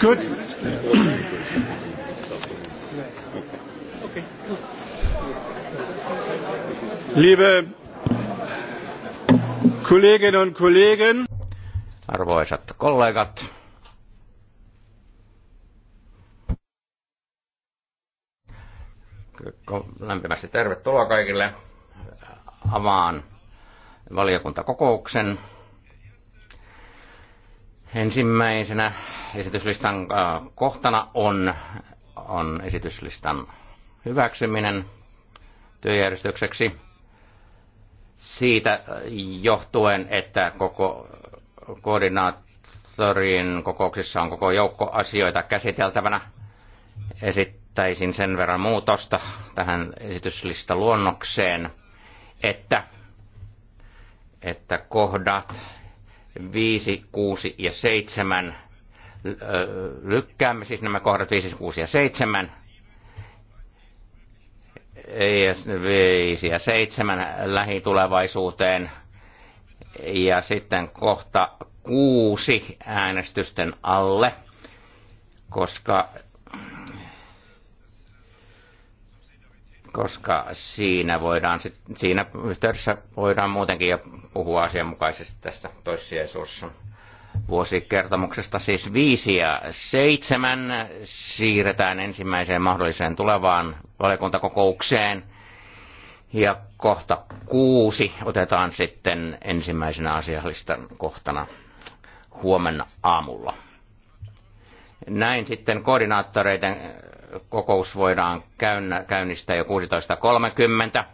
Good. Liebe Kolleginnen und Kollegen. Arvoisat kollegat. Lämpimästi tervetuloa kaikille avaan valiokuntakokouksen. Ensimmäisenä esityslistan äh, kohtana on, on esityslistan hyväksyminen työjärjestykseksi siitä äh, johtuen, että koko koordinaattorin kokouksissa on koko joukko asioita käsiteltävänä. Esittäisin sen verran muutosta tähän esityslistaluonnokseen, että, että kohdat 5, 6 ja 7. Lykkäämme siis nämä kohdat 5, 6 ja 7. Ja 5 ja 7 lähitulevaisuuteen. Ja sitten kohta 6 äänestysten alle, koska koska siinä, voidaan sit, siinä yhteydessä voidaan muutenkin jo puhua asianmukaisesti tässä toissijaisuudessa vuosikertomuksesta. Siis viisi ja seitsemän siirretään ensimmäiseen mahdolliseen tulevaan valiokuntakokoukseen. Ja kohta kuusi otetaan sitten ensimmäisenä asiallistan kohtana huomenna aamulla. Näin sitten koordinaattoreiden kokous voidaan käynnistää jo 16.30.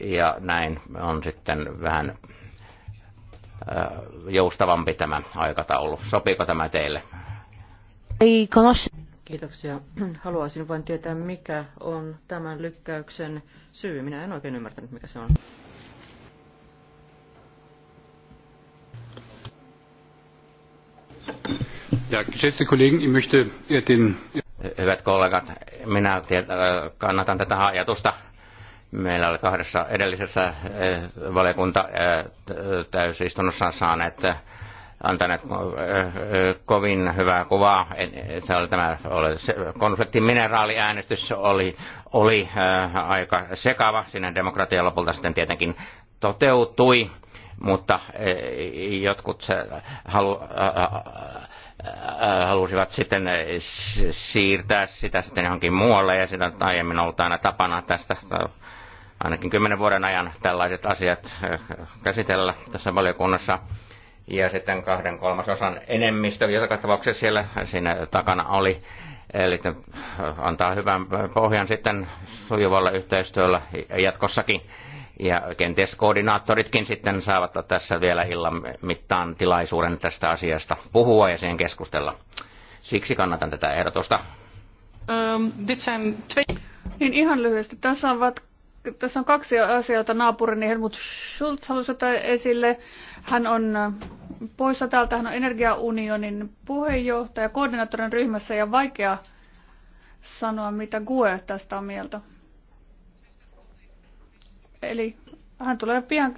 Ja näin on sitten vähän äh, joustavampi tämä aikataulu. Sopiiko tämä teille? Kiitoksia. Haluaisin vain tietää, mikä on tämän lykkäyksen syy. Minä en oikein ymmärtänyt, mikä se on. geschätzte Kollegen, ich möchte äh, den... Hyvät kollegat, minä äh, kannatan tätä ajatusta. Meillä oli kahdessa edellisessä äh, valiokunta täysistunnossa saaneet antaneet kovin hyvää kuvaa. Se oli tämä oli se konfliktin mineraaliäänestys oli, oli aika sekava. Siinä demokratia lopulta sitten tietenkin toteutui mutta e, jotkut halu, halusivat sitten siirtää sitä sitten johonkin muualle ja sitä aiemmin ollut aina tapana tästä ainakin kymmenen vuoden ajan tällaiset asiat e, käsitellä tässä valiokunnassa. Ja sitten kahden kolmasosan enemmistö, joka tapauksessa siellä siinä takana oli. Eli antaa hyvän pohjan sitten sujuvalle yhteistyöllä jatkossakin ja kenties koordinaattoritkin sitten saavat tässä vielä illan mittaan tilaisuuden tästä asiasta puhua ja siihen keskustella. Siksi kannatan tätä ehdotusta. Um, niin ihan lyhyesti. Tässä on, vat, tässä on kaksi asiaa, naapurini Helmut Schulz halusi ottaa esille. Hän on äh, poissa täältä, hän on energiaunionin puheenjohtaja koordinaattorin ryhmässä ja vaikea sanoa, mitä GUE tästä on mieltä. Eli hän tulee pian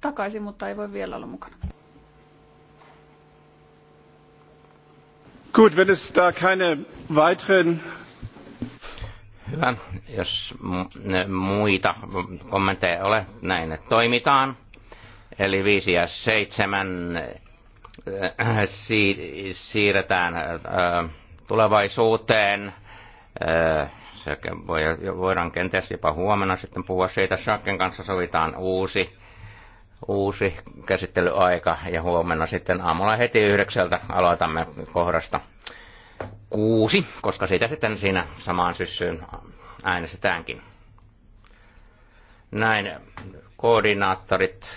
takaisin, mutta ei voi vielä olla mukana. Gut, wenn es da keine weiteren Hyvä. Jos muita kommentteja ei ole, näin toimitaan. Eli 5 ja 7 äh, siirretään äh, tulevaisuuteen. Äh, se voi, voidaan kenties jopa huomenna sitten puhua siitä. Shakken kanssa sovitaan uusi, uusi käsittelyaika ja huomenna sitten aamulla heti yhdeksältä aloitamme kohdasta kuusi, koska siitä sitten siinä samaan syssyyn äänestetäänkin. Näin koordinaattorit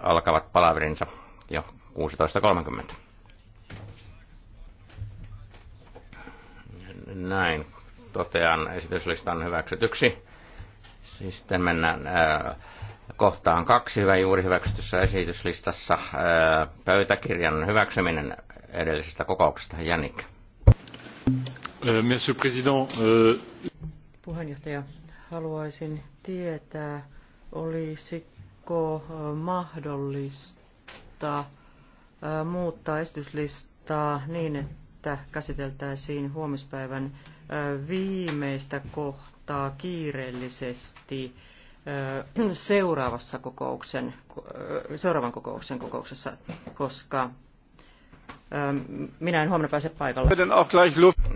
alkavat palaverinsa jo 16.30. Näin totean esityslistan hyväksytyksi. Siis sitten mennään ää, kohtaan kaksi hyvä juuri hyväksytyssä esityslistassa. Ää, pöytäkirjan hyväksyminen edellisestä kokouksesta. Jannik. Euh, Monsieur President. Euh, Puheenjohtaja, haluaisin tietää, olisiko mahdollista muuttaa esityslistaa niin, että että käsiteltäisiin huomispäivän viimeistä kohtaa kiireellisesti seuraavassa kokouksen, seuraavan kokouksen kokouksessa, koska minä en huomenna pääse paikalle.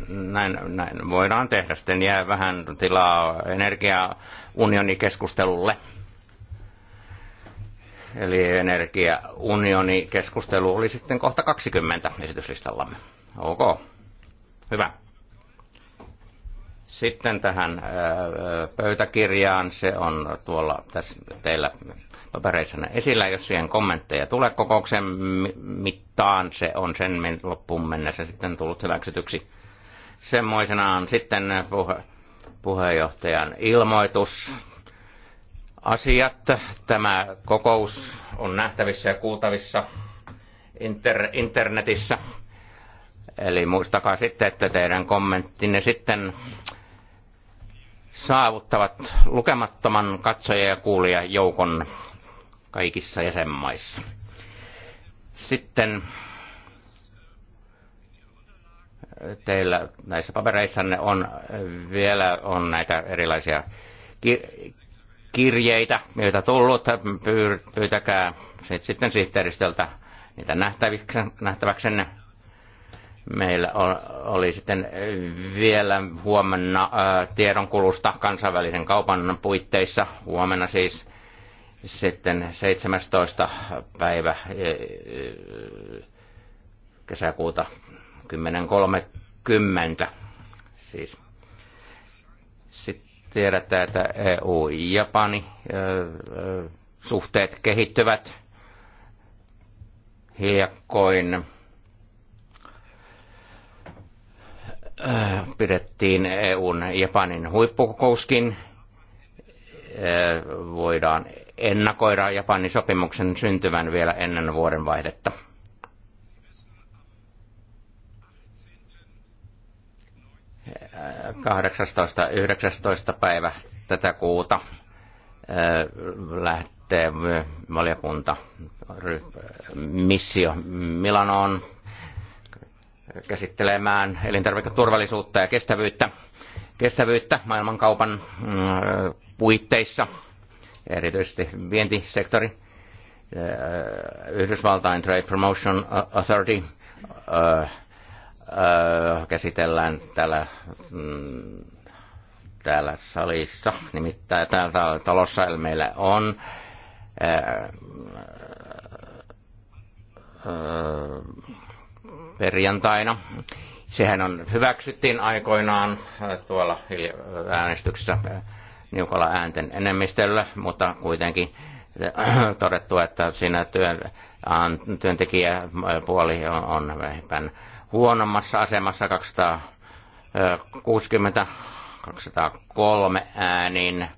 Näin, näin voidaan tehdä. Sitten jää vähän tilaa energiaunionikeskustelulle. Eli energiaunionikeskustelu oli sitten kohta 20 esityslistallamme. Ok. Hyvä. Sitten tähän äh, äh, pöytäkirjaan, se on tuolla tässä teillä papereissanne esillä, jos siihen kommentteja tulee kokouksen mittaan, se on sen loppuun mennessä sitten tullut hyväksytyksi. Semmoisenaan sitten puhe, puheenjohtajan ilmoitus. Asiat. Tämä kokous on nähtävissä ja kuultavissa inter, internetissä. Eli muistakaa sitten, että teidän kommenttinne sitten saavuttavat lukemattoman katsoja- ja joukon kaikissa jäsenmaissa. Sitten äh, teillä näissä papereissanne on äh, vielä on näitä erilaisia kirjeitä, joita tullut. Pyytäkää sitten sihteeristöltä niitä nähtäväksenne. Meillä oli sitten vielä huomenna tiedonkulusta kansainvälisen kaupan puitteissa, huomenna siis sitten 17. päivä e, e, kesäkuuta 10.30 siis. Sitten tiedetään, että EU-Japani suhteet kehittyvät hiljakkoin Äh, pidettiin EUn Japanin huippukokouskin. Äh, voidaan ennakoida Japanin sopimuksen syntyvän vielä ennen vuodenvaihdetta. Äh, kahdeksastoista 19. päivä tätä kuuta lähtee valiokunta missio Milanoon käsittelemään elintarviketurvallisuutta ja kestävyyttä, kestävyyttä maailmankaupan mm, puitteissa, erityisesti vientisektori. Äh, Yhdysvaltain Trade Promotion Authority äh, äh, käsitellään täällä, mm, täällä salissa, nimittäin täällä talossa meillä on perjantaina. Sehän on, hyväksyttiin aikoinaan äh, tuolla äänestyksessä äh, niukalla äänten enemmistöllä, mutta kuitenkin äh, todettu, että siinä työn, työntekijäpuoli on, on vähän huonommassa asemassa 260 203 ääniin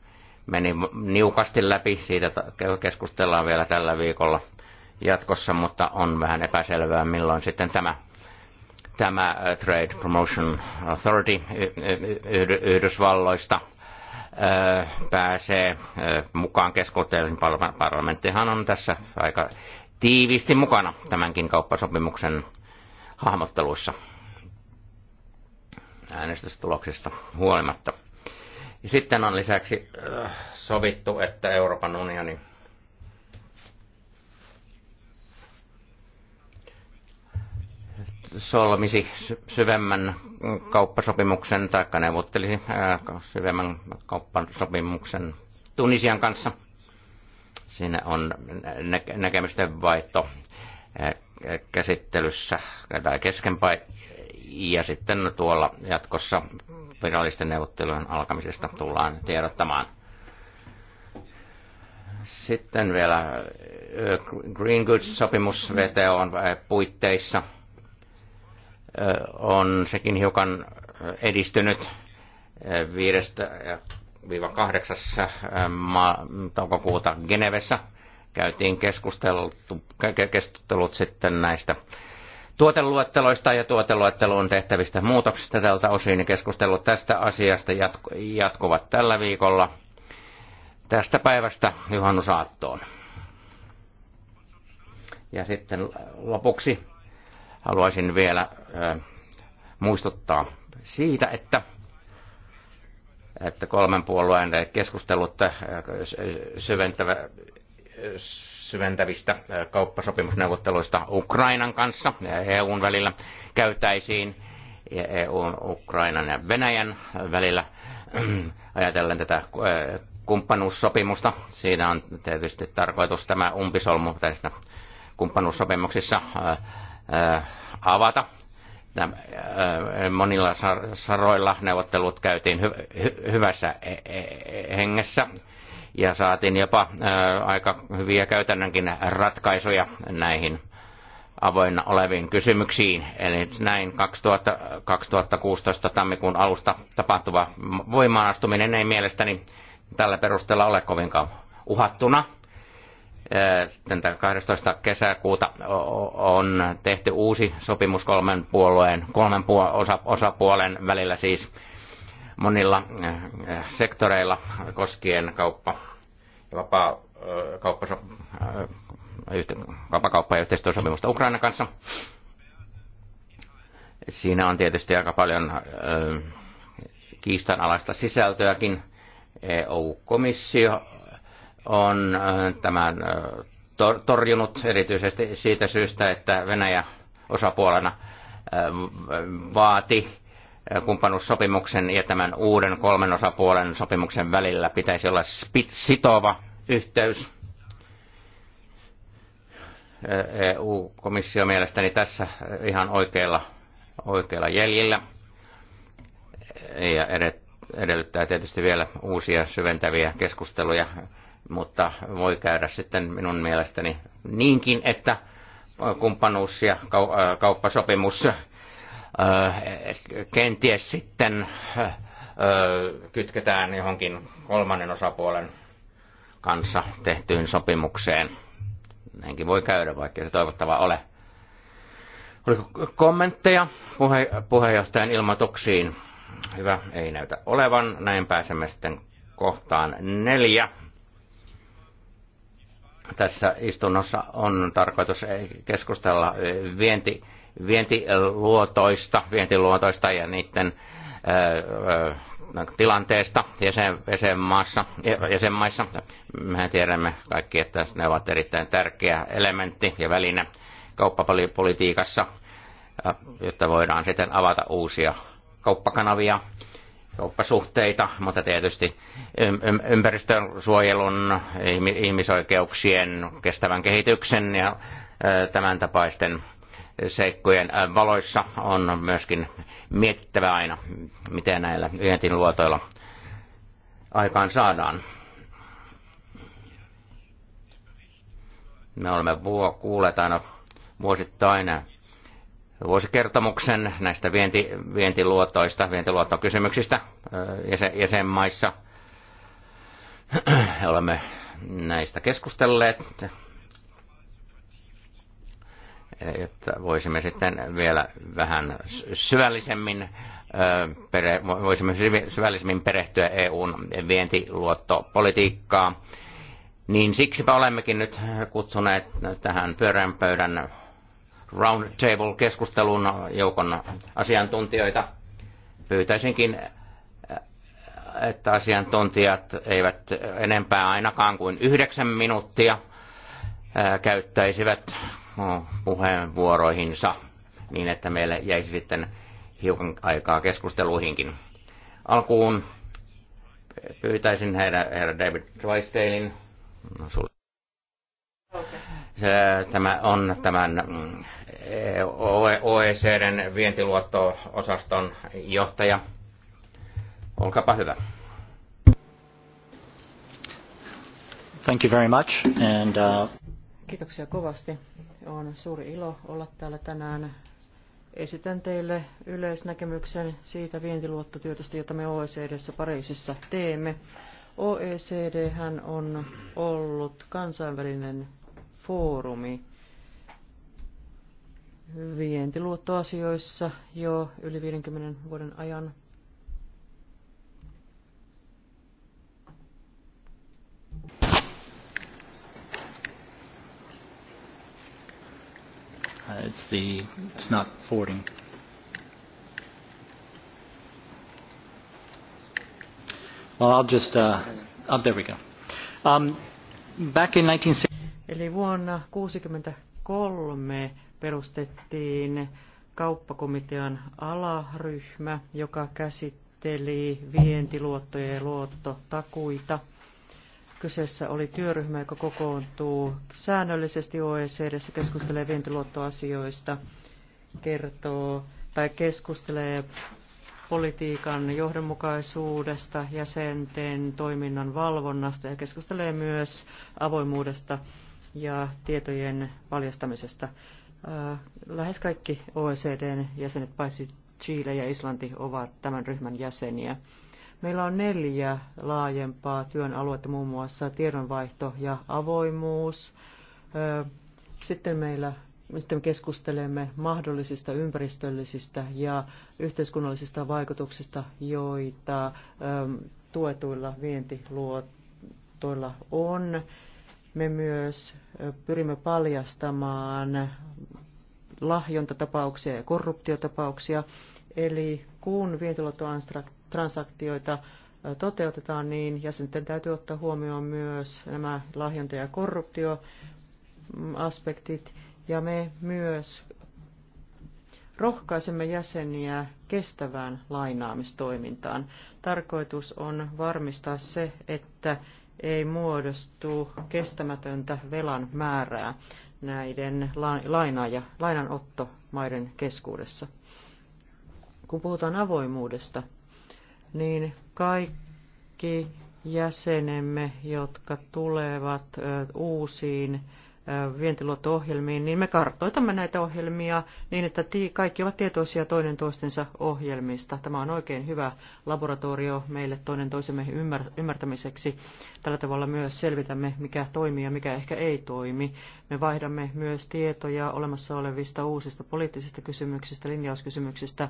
meni niukasti läpi. Siitä keskustellaan vielä tällä viikolla jatkossa, mutta on vähän epäselvää, milloin sitten tämä tämä äh, Trade Promotion Authority Yhdysvalloista äh, pääsee äh, mukaan keskusteluun. Parlamenttihan on tässä aika tiiviisti mukana tämänkin kauppasopimuksen hahmotteluissa äänestystuloksista huolimatta. Sitten on lisäksi sovittu, että Euroopan unioni solmisi syvemmän kauppasopimuksen tai neuvottelisi äh, syvemmän kauppasopimuksen Tunisian kanssa. Siinä on näke- näkemysten vaihto äh, käsittelyssä tai keskenpäin ja sitten tuolla jatkossa virallisten neuvottelujen alkamisesta tullaan tiedottamaan. Sitten vielä äh, Green Goods-sopimus VTO on puitteissa – on sekin hiukan edistynyt viidestä viiva kahdeksassa toukokuuta Genevessä. Käytiin keskustelut sitten näistä tuoteluetteloista ja tuoteluetteluun tehtävistä muutoksista tältä osin. Keskustelut tästä asiasta jatkuvat tällä viikolla tästä päivästä juhannusaattoon. Ja sitten lopuksi haluaisin vielä muistuttaa siitä, että että kolmen puolueen keskustelut syventävä, syventävistä kauppasopimusneuvotteluista Ukrainan kanssa ja EUn välillä käytäisiin ja EUn, Ukrainan ja Venäjän välillä ajatellen tätä kumppanuussopimusta. Siinä on tietysti tarkoitus tämä umpisolmu tässä kumppanuussopimuksissa avata Äh, monilla saroilla neuvottelut käytiin hyvässä e-, e-, hengessä ja saatiin jopa äh, aika hyviä käytännönkin ratkaisuja näihin avoinna oleviin kysymyksiin. Eli näin 2000, 2016 tammikuun alusta tapahtuva voimaanastuminen ei mielestäni tällä perusteella ole kovinkaan uhattuna – 12. kesäkuuta on tehty uusi sopimus kolmen puolueen, kolmen osapuolen välillä siis monilla eh, sektoreilla koskien kauppa ja vapaa, eh, eh, kauppa, ja yhteistyösopimusta Ukrainan kanssa. Siinä on tietysti aika paljon kiistanalaista sisältöäkin. EU-komissio on äh, tämän äh, torjunut erityisesti siitä syystä, että Venäjä osapuolena äh, vaati kumppanuussopimuksen ja tämän uuden kolmen osapuolen sopimuksen välillä pitäisi olla sitova yhteys. EU-komissio mielestäni tässä ihan oikeilla, oikeilla jäljillä ja edellyttää tietysti vielä uusia syventäviä keskusteluja mutta voi käydä sitten minun mielestäni niinkin, että kumppanuus ja äh, kauppasopimus äh, kenties sitten äh, kytketään johonkin kolmannen osapuolen kanssa tehtyyn sopimukseen. Näinkin voi käydä, vaikka se toivottava ole. Oliko kommentteja puhe- puheenjohtajan ilmoituksiin? Hyvä, ei näytä olevan. Näin pääsemme sitten kohtaan neljä tässä istunnossa on tarkoitus keskustella vienti, vientiluotoista, vientiluotoista ja niiden äh, äh, tilanteesta jäsen, jäsenmaassa, jäsenmaissa. Mehän tiedämme kaikki, että ne ovat erittäin tärkeä elementti ja väline kauppapolitiikassa, äh, jotta voidaan sitten avata uusia kauppakanavia kauppasuhteita, mutta tietysti ympäristön suojelun, ihmisoikeuksien, kestävän kehityksen ja tämän tapaisten seikkojen valoissa on myöskin mietittävä aina, miten näillä luotoilla aikaan saadaan. Me olemme kuulleet aina vuosittain vuosikertomuksen näistä vienti, vientiluotoista, vientiluottokysymyksistä jäsenmaissa. Olemme näistä keskustelleet, että voisimme sitten vielä vähän syvällisemmin, voisimme syvällisemmin perehtyä EUn vientiluottopolitiikkaa. Niin siksipä olemmekin nyt kutsuneet tähän pyörän pöydän round table-keskustelun joukon asiantuntijoita. Pyytäisinkin, että asiantuntijat eivät enempää ainakaan kuin yhdeksän minuuttia käyttäisivät puheenvuoroihinsa niin, että meille jäisi sitten hiukan aikaa keskusteluihinkin. Alkuun pyytäisin herra, David Drysdalein. No, Tämä on tämän mm, OECDn vientiluotto-osaston johtaja. Olkaapa hyvä. Thank you very much. And, uh... Kiitoksia kovasti. On suuri ilo olla täällä tänään. Esitän teille yleisnäkemyksen siitä vientiluottotyötä, jota me OECDssä Pariisissa teemme. OECD on ollut kansainvälinen foorumi vientiluottoasioissa jo yli 50 vuoden ajan. Uh, it's the it's not forwarding. Well, I'll just uh, oh, there we go. Um, back in 1960. Eli vuonna 1963 perustettiin kauppakomitean alaryhmä, joka käsitteli vientiluottoja ja luottotakuita. Kyseessä oli työryhmä, joka kokoontuu säännöllisesti OECD, keskustelee vientiluottoasioista, kertoo tai keskustelee politiikan johdonmukaisuudesta, jäsenten toiminnan valvonnasta ja keskustelee myös avoimuudesta ja tietojen paljastamisesta. Äh, lähes kaikki OECDn jäsenet, paitsi Chile ja Islanti, ovat tämän ryhmän jäseniä. Meillä on neljä laajempaa työn aluetta, muun muassa tiedonvaihto ja avoimuus. Äh, sitten meillä sitten keskustelemme mahdollisista ympäristöllisistä ja yhteiskunnallisista vaikutuksista, joita ähm, tuetuilla vientiluotoilla on. Me myös pyrimme paljastamaan lahjontatapauksia ja korruptiotapauksia. Eli kun vientiluottotransaktioita toteutetaan, niin jäsenten täytyy ottaa huomioon myös nämä lahjonta- ja korruptioaspektit. Ja me myös rohkaisemme jäseniä kestävään lainaamistoimintaan. Tarkoitus on varmistaa se, että ei muodostu kestämätöntä velan määrää näiden laina- ja lainanottomaiden keskuudessa. Kun puhutaan avoimuudesta, niin kaikki jäsenemme, jotka tulevat uusiin vientiluotto-ohjelmiin, niin me kartoitamme näitä ohjelmia niin, että kaikki ovat tietoisia toinen toistensa ohjelmista. Tämä on oikein hyvä laboratorio meille toinen toisemme ymmärtämiseksi. Tällä tavalla myös selvitämme, mikä toimii ja mikä ehkä ei toimi. Me vaihdamme myös tietoja olemassa olevista uusista poliittisista kysymyksistä, linjauskysymyksistä.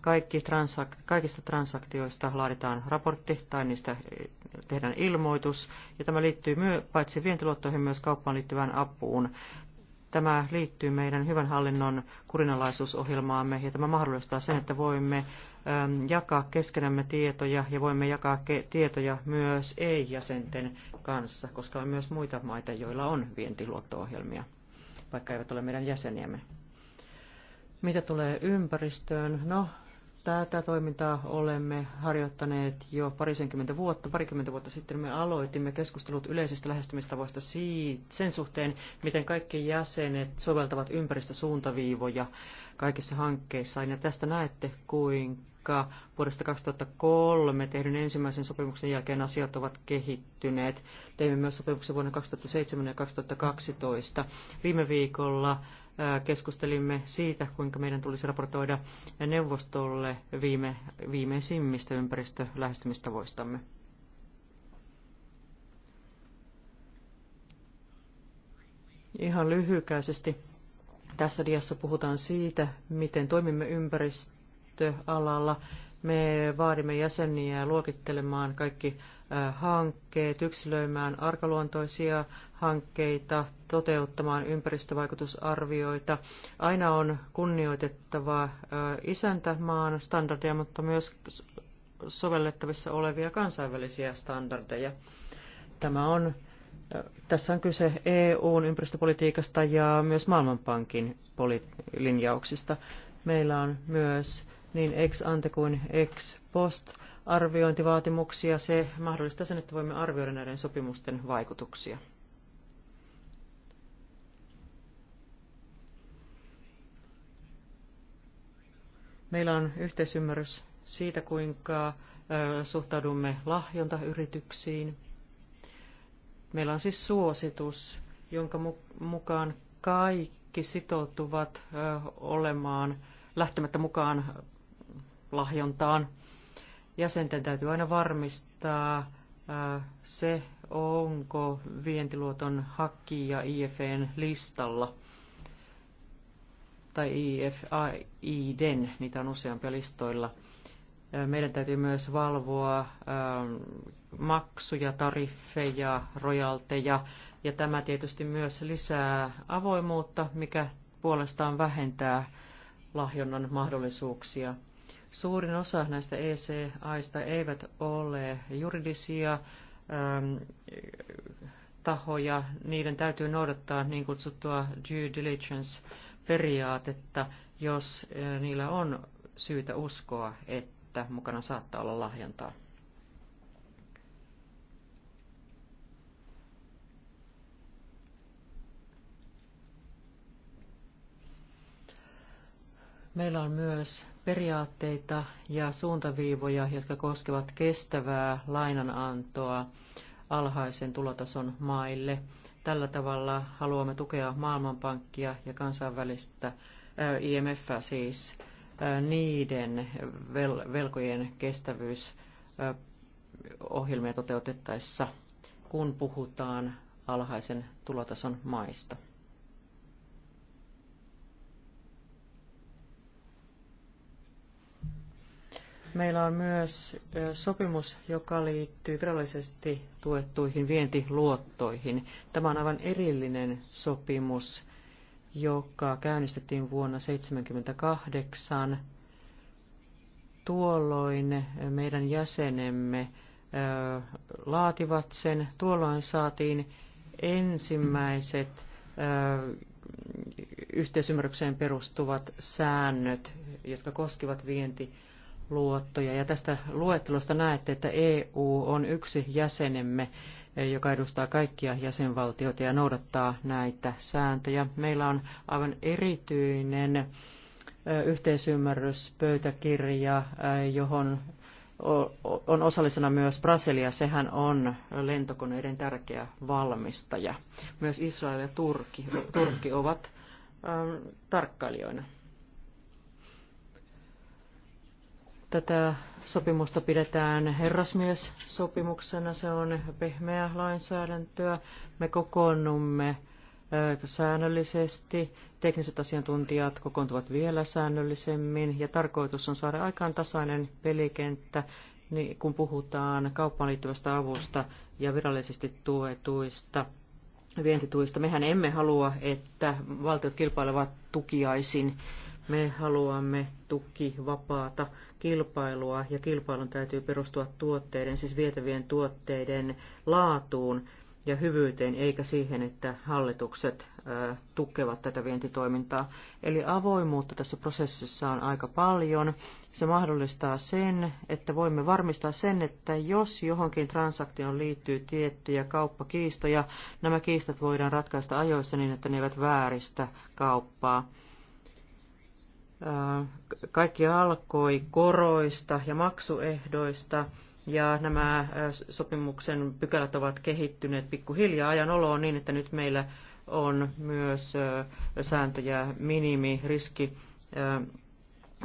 Kaikki transak- kaikista transaktioista laaditaan raportti tai niistä eh, tehdään ilmoitus. Ja tämä liittyy myö- paitsi vientiluottoihin myös kauppaan liittyvään apuun. Tämä liittyy meidän hyvän hallinnon kurinalaisuusohjelmaamme ja tämä mahdollistaa sen, että voimme Ähm, jakaa keskenämme tietoja ja voimme jakaa tietoja myös ei-jäsenten kanssa, koska on myös muita maita, joilla on vientiluotto-ohjelmia, vaikka eivät ole meidän jäseniämme. Mitä tulee ympäristöön? No, Tätä toimintaa olemme harjoittaneet jo parisenkymmentä vuotta. Parikymmentä vuotta sitten me aloitimme keskustelut yleisistä lähestymistavoista sen suhteen, miten kaikki jäsenet soveltavat ympäristösuuntaviivoja kaikissa hankkeissa. Ja tästä näette, kuinka vuodesta 2003 tehdyn ensimmäisen sopimuksen jälkeen asiat ovat kehittyneet. Teimme myös sopimuksen vuonna 2007 ja 2012. Viime viikolla keskustelimme siitä, kuinka meidän tulisi raportoida neuvostolle viime, viimeisimmistä ympäristölähestymistavoistamme. Ihan lyhykäisesti tässä diassa puhutaan siitä, miten toimimme ympäristöalalla. Me vaadimme jäseniä luokittelemaan kaikki hankkeet, yksilöimään arkaluontoisia hankkeita, toteuttamaan ympäristövaikutusarvioita. Aina on kunnioitettava isäntämaan standardeja, mutta myös sovellettavissa olevia kansainvälisiä standardeja. Tämä on, tässä on kyse EUn ympäristöpolitiikasta ja myös Maailmanpankin linjauksista. Meillä on myös niin ex ante kuin ex post arviointivaatimuksia. Se mahdollistaa sen, että voimme arvioida näiden sopimusten vaikutuksia. Meillä on yhteisymmärrys siitä, kuinka suhtaudumme lahjontayrityksiin. Meillä on siis suositus, jonka mukaan kaikki sitoutuvat olemaan lähtemättä mukaan lahjontaan jäsenten täytyy aina varmistaa se, onko vientiluoton hakija IFEn listalla tai IFIDen, niitä on useampia listoilla. Meidän täytyy myös valvoa maksuja, tariffeja, rojalteja, ja tämä tietysti myös lisää avoimuutta, mikä puolestaan vähentää lahjonnan mahdollisuuksia. Suurin osa näistä ECAista eivät ole juridisia ähm, tahoja. Niiden täytyy noudattaa niin kutsuttua due diligence-periaatetta, jos äh, niillä on syytä uskoa, että mukana saattaa olla lahjontaa. Meillä on myös periaatteita ja suuntaviivoja, jotka koskevat kestävää lainanantoa alhaisen tulotason maille. Tällä tavalla haluamme tukea Maailmanpankkia ja kansainvälistä äh, IMF siis äh, niiden vel- velkojen kestävyysohjelmia äh, toteutettaessa, kun puhutaan alhaisen tulotason maista. Meillä on myös sopimus, joka liittyy virallisesti tuettuihin vientiluottoihin. Tämä on aivan erillinen sopimus, joka käynnistettiin vuonna 1978. Tuolloin meidän jäsenemme laativat sen. Tuolloin saatiin ensimmäiset yhteisymmärrykseen perustuvat säännöt, jotka koskivat vientiluottoja luottoja. Ja tästä luettelosta näette, että EU on yksi jäsenemme, eh, joka edustaa kaikkia jäsenvaltioita ja noudattaa näitä sääntöjä. Meillä on aivan erityinen eh, yhteisymmärryspöytäkirja, eh, johon on osallisena myös Brasilia. Sehän on lentokoneiden tärkeä valmistaja. Myös Israel ja Turkki, Turkki ovat tarkkailijoina. Tätä sopimusta pidetään herrasmies-sopimuksena. Se on pehmeää lainsäädäntöä. Me kokoonnumme säännöllisesti. Tekniset asiantuntijat kokoontuvat vielä säännöllisemmin ja tarkoitus on saada aikaan tasainen pelikenttä, niin kun puhutaan kauppaan liittyvästä avusta ja virallisesti tuetuista vientituista. Mehän emme halua, että valtiot kilpailevat tukiaisin. Me haluamme tukivapaata kilpailua ja kilpailun täytyy perustua tuotteiden, siis vietävien tuotteiden laatuun ja hyvyyteen, eikä siihen, että hallitukset tukevat tätä vientitoimintaa. Eli avoimuutta tässä prosessissa on aika paljon. Se mahdollistaa sen, että voimme varmistaa sen, että jos johonkin transaktioon liittyy tiettyjä kauppakiistoja, nämä kiistat voidaan ratkaista ajoissa niin, että ne eivät vääristä kauppaa. Kaikki alkoi koroista ja maksuehdoista ja nämä sopimuksen pykälät ovat kehittyneet pikkuhiljaa ajan oloon niin, että nyt meillä on myös sääntöjä minimiriski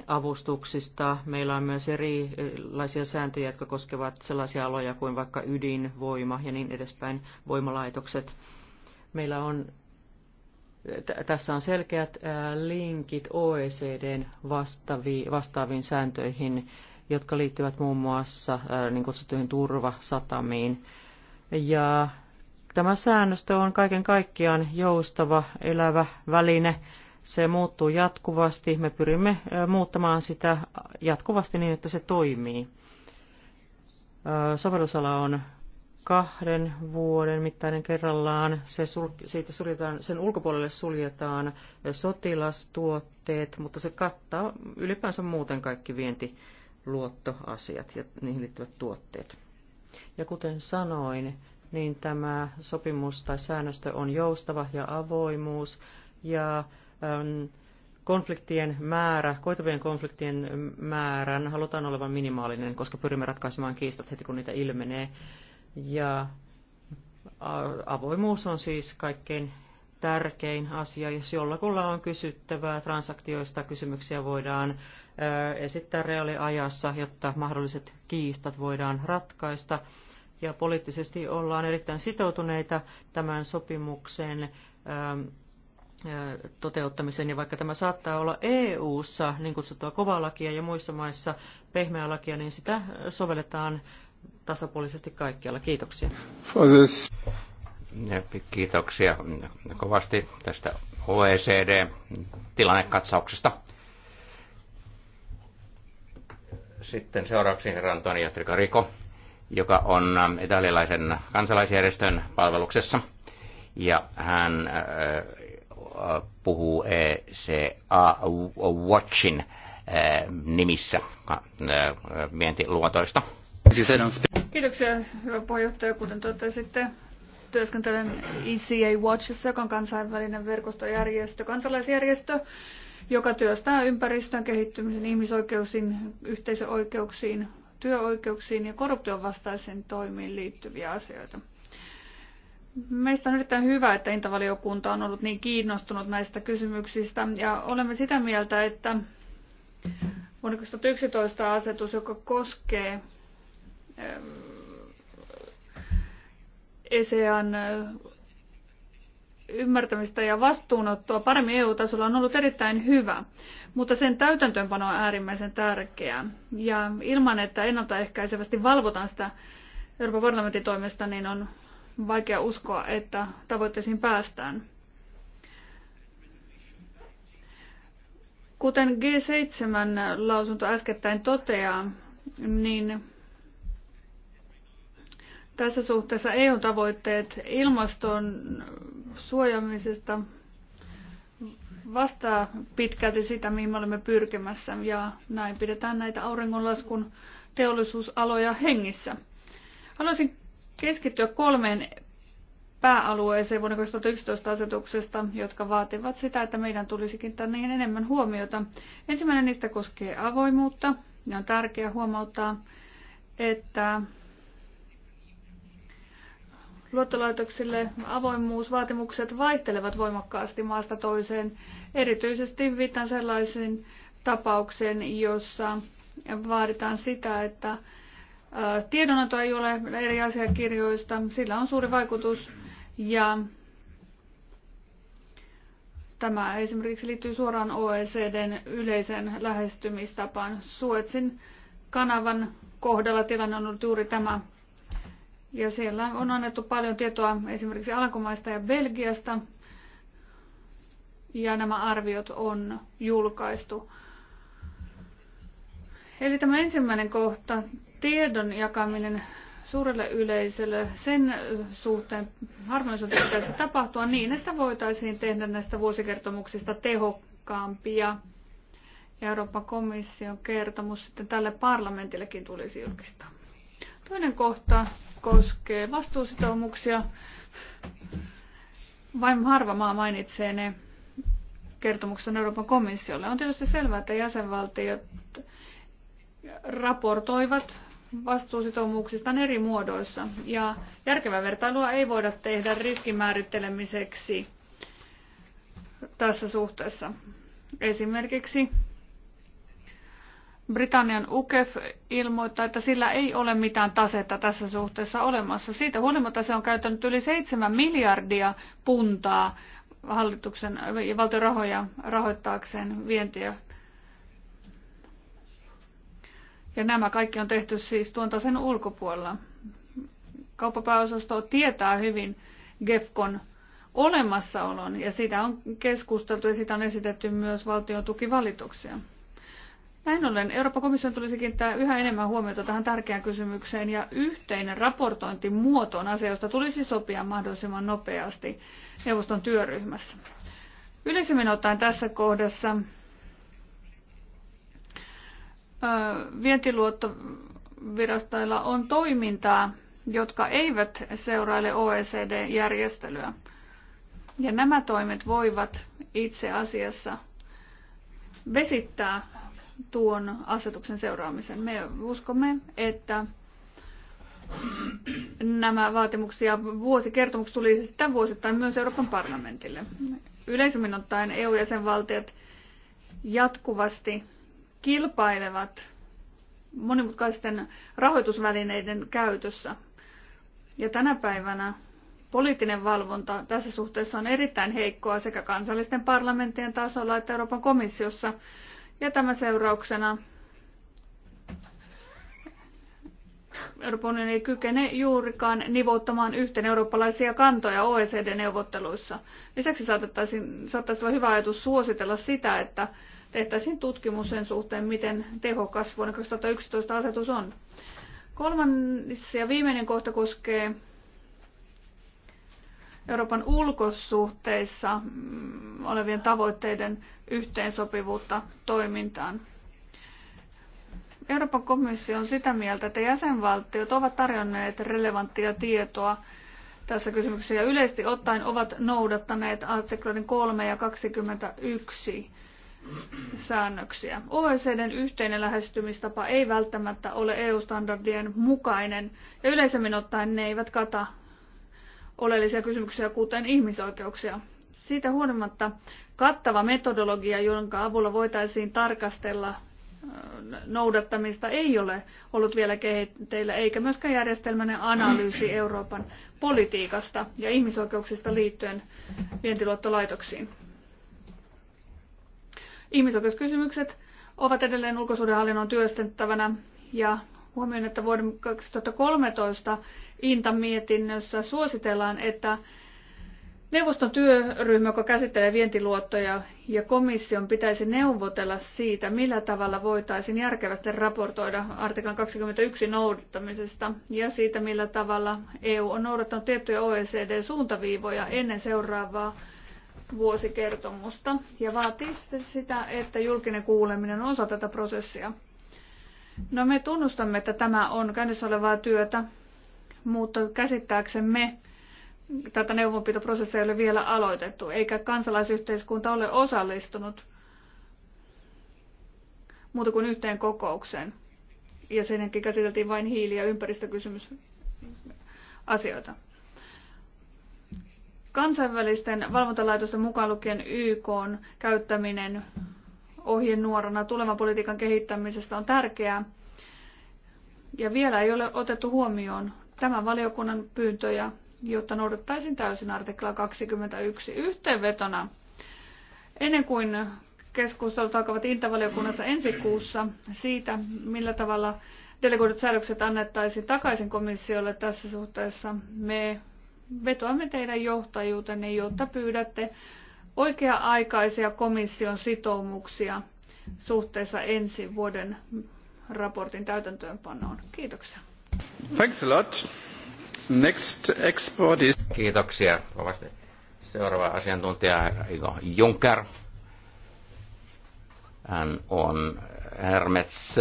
avustuksista. Meillä on myös erilaisia sääntöjä, jotka koskevat sellaisia aloja kuin vaikka ydinvoima ja niin edespäin voimalaitokset. Meillä on tässä on selkeät linkit OECDn vastaaviin, vastaaviin sääntöihin, jotka liittyvät muun muassa niin kutsuttuihin turvasatamiin. Ja tämä säännöstö on kaiken kaikkiaan joustava, elävä väline. Se muuttuu jatkuvasti. Me pyrimme muuttamaan sitä jatkuvasti niin, että se toimii. Sovellusala on kahden vuoden mittainen kerrallaan. Se sul, siitä suljetaan, sen ulkopuolelle suljetaan sotilastuotteet, mutta se kattaa ylipäänsä muuten kaikki vientiluottoasiat ja niihin liittyvät tuotteet. Ja kuten sanoin, niin tämä sopimus tai säännöstö on joustava ja avoimuus ja ähm, konfliktien määrä, koituvien konfliktien määrän halutaan olevan minimaalinen, koska pyrimme ratkaisemaan kiistat heti kun niitä ilmenee. Ja avoimuus on siis kaikkein tärkein asia. Jos jollakulla on kysyttävää transaktioista, kysymyksiä voidaan esittää reaaliajassa, jotta mahdolliset kiistat voidaan ratkaista. Ja poliittisesti ollaan erittäin sitoutuneita tämän sopimuksen toteuttamiseen. Ja vaikka tämä saattaa olla EU-ssa niin kutsuttua kovalakia ja muissa maissa pehmeä lakia, niin sitä sovelletaan tasapuolisesti kaikkialla. Kiitoksia. Kiitoksia kovasti tästä OECD-tilannekatsauksesta. Sitten seuraavaksi herra Antonio Tricariko, joka on ähm, italialaisen kansalaisjärjestön palveluksessa. Ja hän äh, äh, puhuu ECA Watchin äh, nimissä vientiluotoista. Kiitoksia, hyvä puheenjohtaja. Kuten totesitte, työskentelen ECA Watchissa, joka on kansainvälinen verkostojärjestö, kansalaisjärjestö, joka työstää ympäristön kehittymisen, ihmisoikeuksiin, yhteisöoikeuksiin, työoikeuksiin ja korruption vastaisiin toimiin liittyviä asioita. Meistä on erittäin hyvä, että intavaliokunta on ollut niin kiinnostunut näistä kysymyksistä ja olemme sitä mieltä, että vuonna 2011 asetus, joka koskee ESEAN ymmärtämistä ja vastuunottoa paremmin EU-tasolla on ollut erittäin hyvä, mutta sen täytäntöönpano on äärimmäisen tärkeää. Ja ilman, että ennaltaehkäisevästi valvotaan sitä Euroopan parlamentin toimesta, niin on vaikea uskoa, että tavoitteisiin päästään. Kuten G7-lausunto äskettäin toteaa, niin tässä suhteessa EUn tavoitteet ilmaston suojaamisesta vastaa pitkälti sitä, mihin me olemme pyrkimässä, ja näin pidetään näitä auringonlaskun teollisuusaloja hengissä. Haluaisin keskittyä kolmeen pääalueeseen vuoden 2011 asetuksesta, jotka vaativat sitä, että meidän tulisikin tänne niihin enemmän huomiota. Ensimmäinen niistä koskee avoimuutta, ja on tärkeää huomauttaa, että Luottolaitoksille avoimuusvaatimukset vaihtelevat voimakkaasti maasta toiseen. Erityisesti viitan sellaisiin tapaukseen, jossa vaaditaan sitä, että tiedonanto ei ole eri asiakirjoista, sillä on suuri vaikutus ja tämä esimerkiksi liittyy suoraan OECDn yleisen lähestymistapaan. Suetsin kanavan kohdalla tilanne on ollut juuri tämä. Ja siellä on annettu paljon tietoa esimerkiksi Alankomaista ja Belgiasta. Ja nämä arviot on julkaistu. Eli tämä ensimmäinen kohta, tiedon jakaminen suurelle yleisölle, sen suhteen harmonisointi pitäisi tapahtua niin, että voitaisiin tehdä näistä vuosikertomuksista tehokkaampia. Ja Euroopan komission kertomus sitten tälle parlamentillekin tulisi julkistaa. Toinen kohta koskee vastuusitoumuksia. Vain harva maa mainitsee ne kertomuksen Euroopan komissiolle. On tietysti selvää, että jäsenvaltiot raportoivat vastuusitoumuksistaan eri muodoissa. Ja järkevää vertailua ei voida tehdä riskimäärittelemiseksi tässä suhteessa. Esimerkiksi Britannian UKEF ilmoittaa, että sillä ei ole mitään tasetta tässä suhteessa olemassa. Siitä huolimatta se on käyttänyt yli 7 miljardia puntaa hallituksen ja valtion rahoja rahoittaakseen vientiä. Ja nämä kaikki on tehty siis tuon tasen ulkopuolella. Kauppapääosasto tietää hyvin GEFCON olemassaolon ja siitä on keskusteltu ja siitä on esitetty myös valtion tukivalituksia. Näin ollen Euroopan komission tulisi kiinnittää yhä enemmän huomiota tähän tärkeään kysymykseen ja yhteinen raportointimuoto on asia, josta tulisi sopia mahdollisimman nopeasti neuvoston työryhmässä. Yleisemmin ottaen tässä kohdassa vientiluottovirastoilla on toimintaa, jotka eivät seuraile OECD-järjestelyä. Ja nämä toimet voivat itse asiassa vesittää tuon asetuksen seuraamisen. Me uskomme, että nämä vaatimuksia vuosikertomukset tuli sitten vuosittain myös Euroopan parlamentille. Yleisemmin ottaen EU-jäsenvaltiot jatkuvasti kilpailevat monimutkaisten rahoitusvälineiden käytössä. Ja tänä päivänä poliittinen valvonta tässä suhteessa on erittäin heikkoa sekä kansallisten parlamenttien tasolla että Euroopan komissiossa – ja tämän seurauksena Euroopan unioni ei kykene juurikaan nivouttamaan yhteen eurooppalaisia kantoja OECD-neuvotteluissa. Lisäksi saattaisi olla hyvä ajatus suositella sitä, että tehtäisiin tutkimus sen suhteen, miten tehokas vuonna 2011 asetus on. Kolmannes ja viimeinen kohta koskee Euroopan ulkosuhteissa mm, olevien tavoitteiden yhteensopivuutta toimintaan. Euroopan komissio on sitä mieltä, että jäsenvaltiot ovat tarjonneet relevanttia tietoa tässä kysymyksessä ja yleisesti ottaen ovat noudattaneet artikloiden 3 ja 21 säännöksiä. OECDn yhteinen lähestymistapa ei välttämättä ole EU-standardien mukainen ja yleisemmin ottaen ne eivät kata oleellisia kysymyksiä, kuten ihmisoikeuksia. Siitä huolimatta kattava metodologia, jonka avulla voitaisiin tarkastella noudattamista ei ole ollut vielä kehitteillä, eikä myöskään järjestelmäinen analyysi Euroopan politiikasta ja ihmisoikeuksista liittyen vientiluottolaitoksiin. Ihmisoikeuskysymykset ovat edelleen ulkosuhdehallinnon työstettävänä ja huomioon, että vuoden 2013 Intan mietinnössä suositellaan, että Neuvoston työryhmä, joka käsittelee vientiluottoja ja komission pitäisi neuvotella siitä, millä tavalla voitaisiin järkevästi raportoida artiklan 21 noudattamisesta ja siitä, millä tavalla EU on noudattanut tiettyjä OECD-suuntaviivoja ennen seuraavaa vuosikertomusta ja vaatii sitä, että julkinen kuuleminen on osa tätä prosessia. No me tunnustamme, että tämä on käynnissä olevaa työtä, mutta käsittääksemme tätä neuvonpitoprosessia ei ole vielä aloitettu, eikä kansalaisyhteiskunta ole osallistunut muuta kuin yhteen kokoukseen. Ja senkin käsiteltiin vain hiili- ja ympäristökysymysasioita. Kansainvälisten valvontalaitosten mukaan lukien YK käyttäminen ohjenuorana tulevan politiikan kehittämisestä on tärkeää. Ja vielä ei ole otettu huomioon tämän valiokunnan pyyntöjä, jotta noudattaisin täysin artiklaa 21 yhteenvetona. Ennen kuin keskustelut alkavat Intavaliokunnassa ensi kuussa siitä, millä tavalla delegoidut säädökset annettaisiin takaisin komissiolle tässä suhteessa, me vetoamme teidän johtajuutenne, jotta pyydätte oikea-aikaisia komission sitoumuksia suhteessa ensi vuoden raportin täytäntöönpanoon. Kiitoksia. Thanks a lot. Next export is... Kiitoksia kovasti. Seuraava asiantuntija Igo Juncker. Hän on Hermets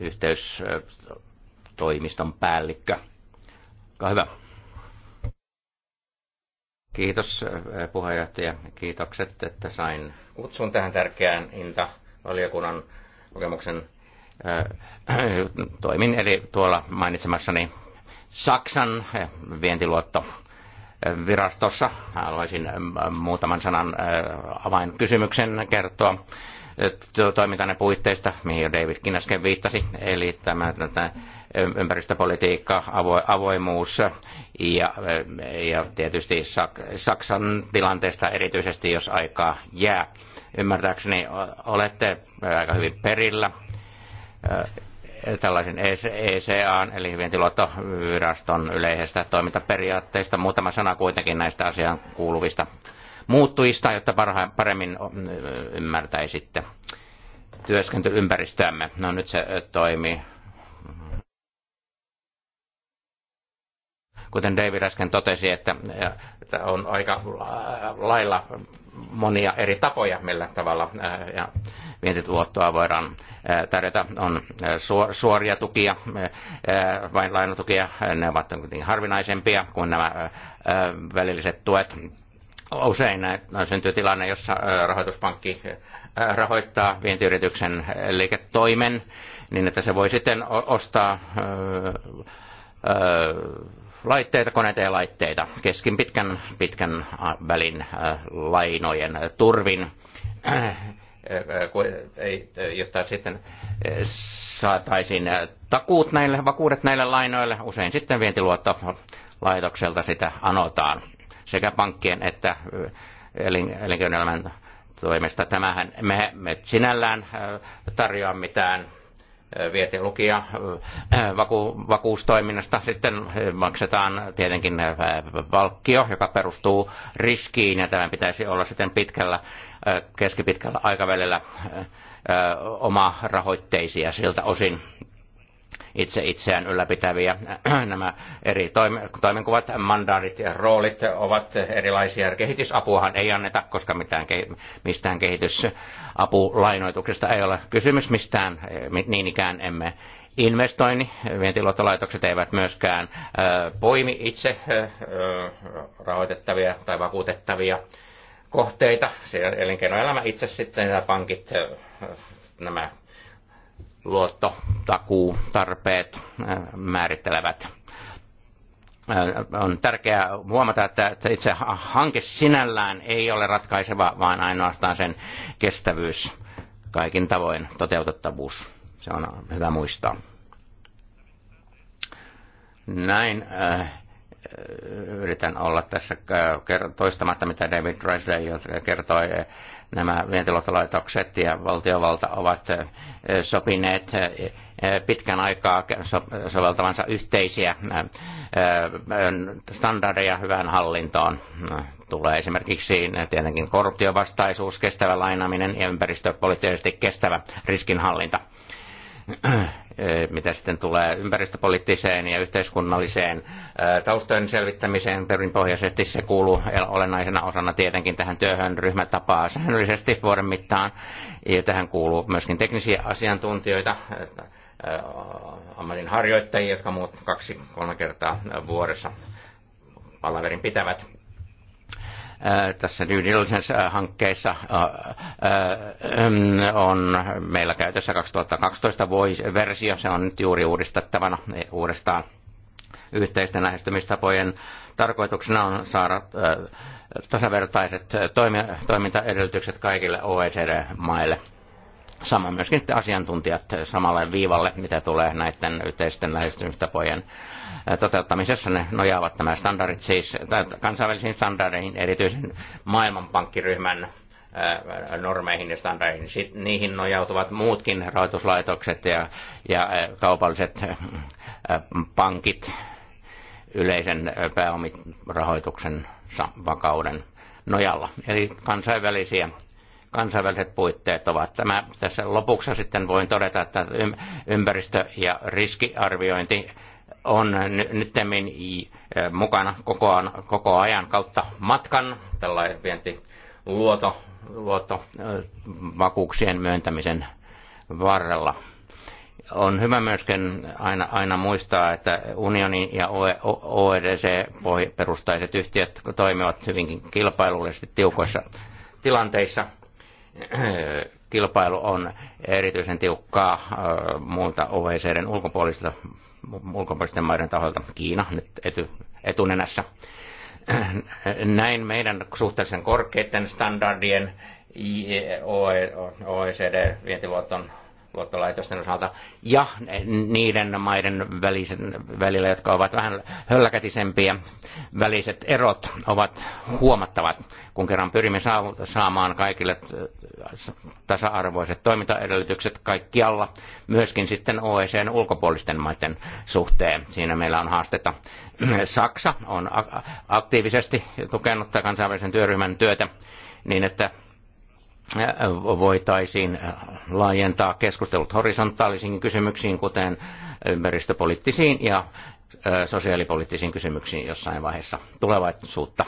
yhteystoimiston päällikkö. Olkaa hyvä. Kiitos puheenjohtaja. Kiitokset, että sain kutsun tähän tärkeään Inta-valiokunnan kokemuksen toimin, eli tuolla mainitsemassani Saksan vientiluotto virastossa. Haluaisin muutaman sanan avainkysymyksen kertoa toimintanne mihin mihin Davidkin äsken viittasi, eli tämä, tämä ympäristöpolitiikka, avoimuus ja, ja tietysti Saksan tilanteesta erityisesti, jos aikaa jää. Ymmärtääkseni olette aika hyvin perillä tällaisen ECA, e eli hyvin tilotoviraston yleisestä toimintaperiaatteista. Muutama sana kuitenkin näistä asiaan kuuluvista muuttujista, jotta parha, paremmin ymmärtäisitte työskentelyympäristöämme. No nyt se toimii. Kuten David äsken totesi, että, että on aika lailla monia eri tapoja, millä tavalla ja vientituottoa voidaan tarjota. On suoria tukia, vain lainatukia, ne ovat kuitenkin harvinaisempia kuin nämä välilliset tuet Usein syntyy tilanne, jossa rahoituspankki rahoittaa vientiyrityksen liiketoimen niin, että se voi sitten ostaa laitteita, koneita ja laitteita keskin pitkän, pitkän välin lainojen turvin, jotta sitten saataisiin takuut näille, vakuudet näille lainoille. Usein sitten vientiluotto laitokselta sitä anotaan sekä pankkien että elinkeinoelämän toimesta. Tämähän me, me sinällään tarjoa mitään vietilukia vaku, vakuustoiminnasta. Sitten maksetaan tietenkin valkkio, joka perustuu riskiin, ja tämän pitäisi olla sitten pitkällä, keskipitkällä aikavälillä oma rahoitteisia siltä osin itse itseään ylläpitäviä. Nämä eri toimenkuvat, mandaarit ja roolit ovat erilaisia. Kehitysapuahan ei anneta, koska mitään, mistään kehitysapulainoituksesta ei ole kysymys mistään. Niin ikään emme investoinni. Vientiluottolaitokset eivät myöskään poimi itse rahoitettavia tai vakuutettavia kohteita. Siellä elinkeinoelämä itse sitten ja pankit nämä luottotakuutarpeet äh, määrittelevät äh, on tärkeää huomata, että itse hanke sinällään ei ole ratkaiseva, vaan ainoastaan sen kestävyys, kaikin tavoin toteutettavuus. Se on hyvä muistaa. Näin äh, yritän olla tässä äh, toistamatta, mitä David Drysdale kertoi, nämä vientiluottolaitokset ja valtiovalta ovat äh, sopineet äh, pitkän aikaa soveltavansa yhteisiä standardeja hyvään hallintoon. Tulee esimerkiksi tietenkin korruptiovastaisuus, kestävä lainaminen ja ympäristöpoliittisesti kestävä riskinhallinta mitä sitten tulee ympäristöpoliittiseen ja yhteiskunnalliseen taustojen selvittämiseen perinpohjaisesti. Se kuuluu olennaisena osana tietenkin tähän työhön. Ryhmä tapaa säännöllisesti vuoden mittaan ja tähän kuuluu myöskin teknisiä asiantuntijoita, ammatin harjoittajia, jotka muut kaksi-kolme kertaa vuodessa palaverin pitävät tässä New Diligence-hankkeessa mm, on meillä käytössä 2012 versio, se on nyt juuri uudistettavana e, uudestaan yhteisten lähestymistapojen tarkoituksena on saada tasavertaiset toimintaedellytykset kaikille OECD-maille sama myöskin asiantuntijat samalle viivalle, mitä tulee näiden yhteisten lähestymistapojen toteuttamisessa. Ne nojaavat nämä standardit siis kansainvälisiin standardeihin, erityisen maailmanpankkiryhmän normeihin ja standardeihin. Sitten niihin nojautuvat muutkin rahoituslaitokset ja, ja kaupalliset pankit yleisen pääomirahoituksen vakauden nojalla. Eli kansainvälisiä kansainväliset puitteet ovat. Tämä, tässä lopuksi sitten voin todeta, että ympäristö- ja riskiarviointi on nyttemmin mukana koko, ajan, koko ajan kautta matkan tällainen vienti luoto, luottovakuuksien myöntämisen varrella. On hyvä myöskin aina, aina muistaa, että unionin ja OECD-perustaiset yhtiöt toimivat hyvinkin kilpailullisesti tiukoissa tilanteissa – kilpailu on erityisen tiukkaa äh, muilta OECDn ulkopuolisilta, ulkopuolisten maiden taholta. Kiina nyt ety, etunenässä. Näin meidän suhteellisen korkeiden standardien OECD-vientiluoton luottolaitosten osalta ja niiden maiden välisen, välillä, jotka ovat vähän hölläkätisempiä, väliset erot ovat huomattavat, kun kerran pyrimme saamaan kaikille tasa-arvoiset toimintaedellytykset kaikkialla, myöskin sitten OECn ulkopuolisten maiden suhteen. Siinä meillä on haastetta. Saksa on aktiivisesti tukenut kansainvälisen työryhmän työtä niin, että voitaisiin laajentaa keskustelut horisontaalisiin kysymyksiin, kuten ympäristöpoliittisiin ja sosiaalipoliittisiin kysymyksiin jossain vaiheessa tulevaisuutta.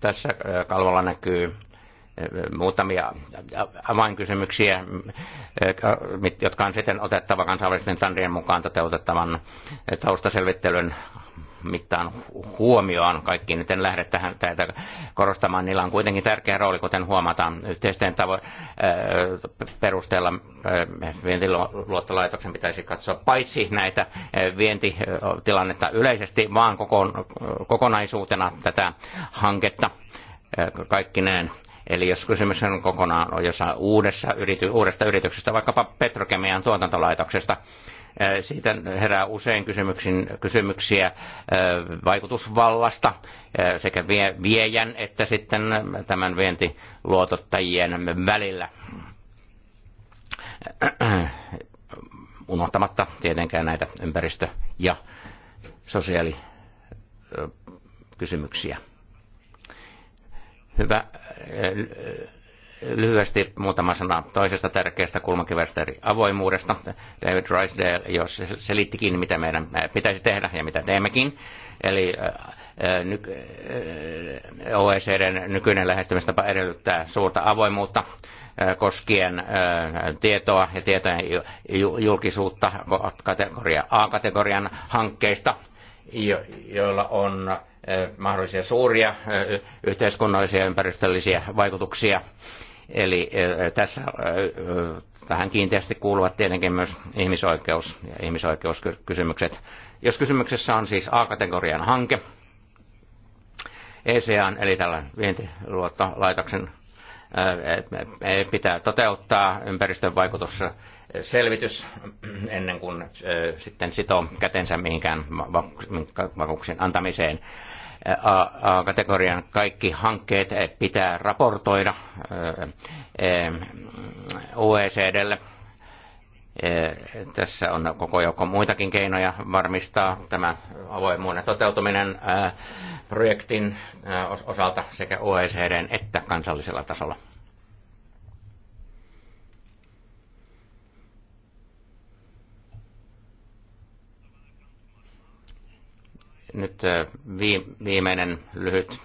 Tässä kalvolla näkyy muutamia avainkysymyksiä, jotka on sitten otettava kansainvälisten standardien mukaan toteutettavan taustaselvittelyn mittaan huomioon. Kaikki nyt en lähde tähän tätä korostamaan. Niillä on kuitenkin tärkeä rooli, kuten huomataan yhteisten tavo- äh, perusteella äh, vientiluottolaitoksen pitäisi katsoa paitsi näitä äh, vientitilannetta yleisesti, vaan kokonaisuutena tätä hanketta kaikkineen. Eli jos kysymys on kokonaan jossa uudessa yrity, uudesta yrityksestä, vaikkapa petrokemian tuotantolaitoksesta, eh, siitä herää usein kysymyksiä eh, vaikutusvallasta eh, sekä viejän että sitten tämän vientiluotottajien välillä. Unohtamatta tietenkään näitä ympäristö- ja sosiaalikysymyksiä. Hyvä. Äh, lyhyesti muutama sana toisesta tärkeästä kulmakivestä, eli avoimuudesta. David Risedale, jo selittikin, mitä meidän äh, pitäisi tehdä ja mitä teemmekin. Eli äh, OECDn nykyinen lähestymistapa edellyttää suurta avoimuutta koskien tietoa ja tietojen julkisuutta A-kategorian hankkeista – jo, joilla on mahdollisia suuria yhteiskunnallisia ja ympäristöllisiä vaikutuksia. Eli tässä tähän kiinteästi kuuluvat tietenkin myös ihmisoikeus ja ihmisoikeuskysymykset. Jos kysymyksessä on siis A-kategorian hanke, ECAN eli tällä vientiluottolaitoksen e, e, pitää toteuttaa ympäristön vaikutus selvitys ennen kuin sitten sitoo kätensä mihinkään vakuuksien antamiseen. A-kategorian kaikki hankkeet pitää raportoida OECDlle. Tässä on koko joukko muitakin keinoja varmistaa tämä avoimuuden toteutuminen projektin osalta sekä OECDn että kansallisella tasolla. Nyt viimeinen lyhyt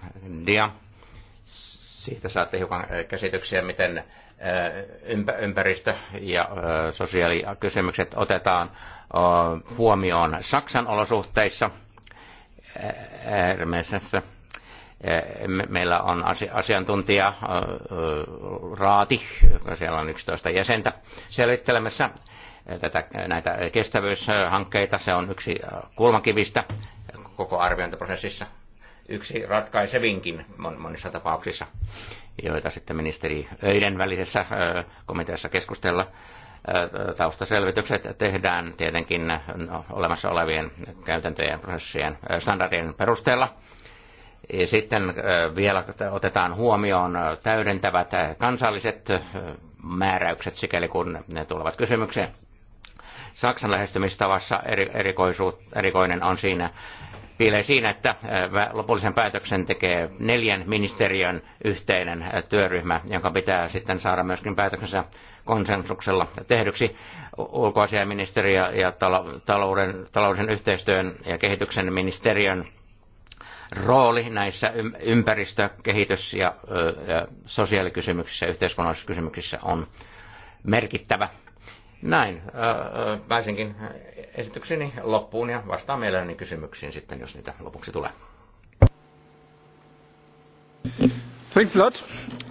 dia. Siitä saatte hiukan käsityksiä, miten ympäristö- ja sosiaalikysymykset otetaan huomioon Saksan olosuhteissa. Meillä on asiantuntija Raati, siellä on 11 jäsentä selvittelemässä tätä, näitä kestävyyshankkeita. Se on yksi kulmakivistä koko arviointiprosessissa, yksi ratkaisevinkin monissa tapauksissa, joita sitten ministeri Öiden välisessä komiteassa keskustella. Taustaselvitykset tehdään tietenkin no, olemassa olevien käytäntöjen, prosessien, standardien perusteella. Sitten vielä otetaan huomioon täydentävät kansalliset määräykset, sikäli kun ne tulevat kysymykseen Saksan lähestymistavassa erikoinen on siinä, piilee siinä, että lopullisen päätöksen tekee neljän ministeriön yhteinen työryhmä, jonka pitää sitten saada myöskin päätöksensä konsensuksella tehdyksi. Ulkoasiaministeriö ja talouden, talouden yhteistyön ja kehityksen ministeriön rooli näissä ympäristö-, kehitys- ja, ja sosiaalikysymyksissä, yhteiskunnallisissa kysymyksissä on merkittävä näin. Pääsinkin esitykseni loppuun ja vastaan mielelläni kysymyksiin sitten, jos niitä lopuksi tulee. Thanks a lot.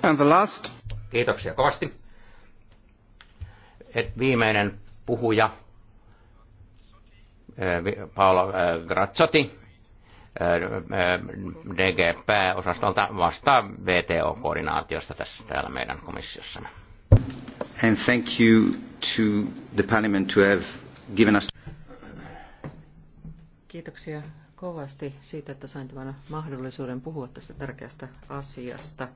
And the last. Kiitoksia kovasti. Et viimeinen puhuja, Paolo Grazzotti, DG-pääosastolta vastaa VTO-koordinaatiosta tässä täällä meidän komissiossamme and thank you to the Parliament to have given us. Kiitoksia kovasti siitä, että sain tämän mahdollisuuden puhua tästä tärkeästä asiasta.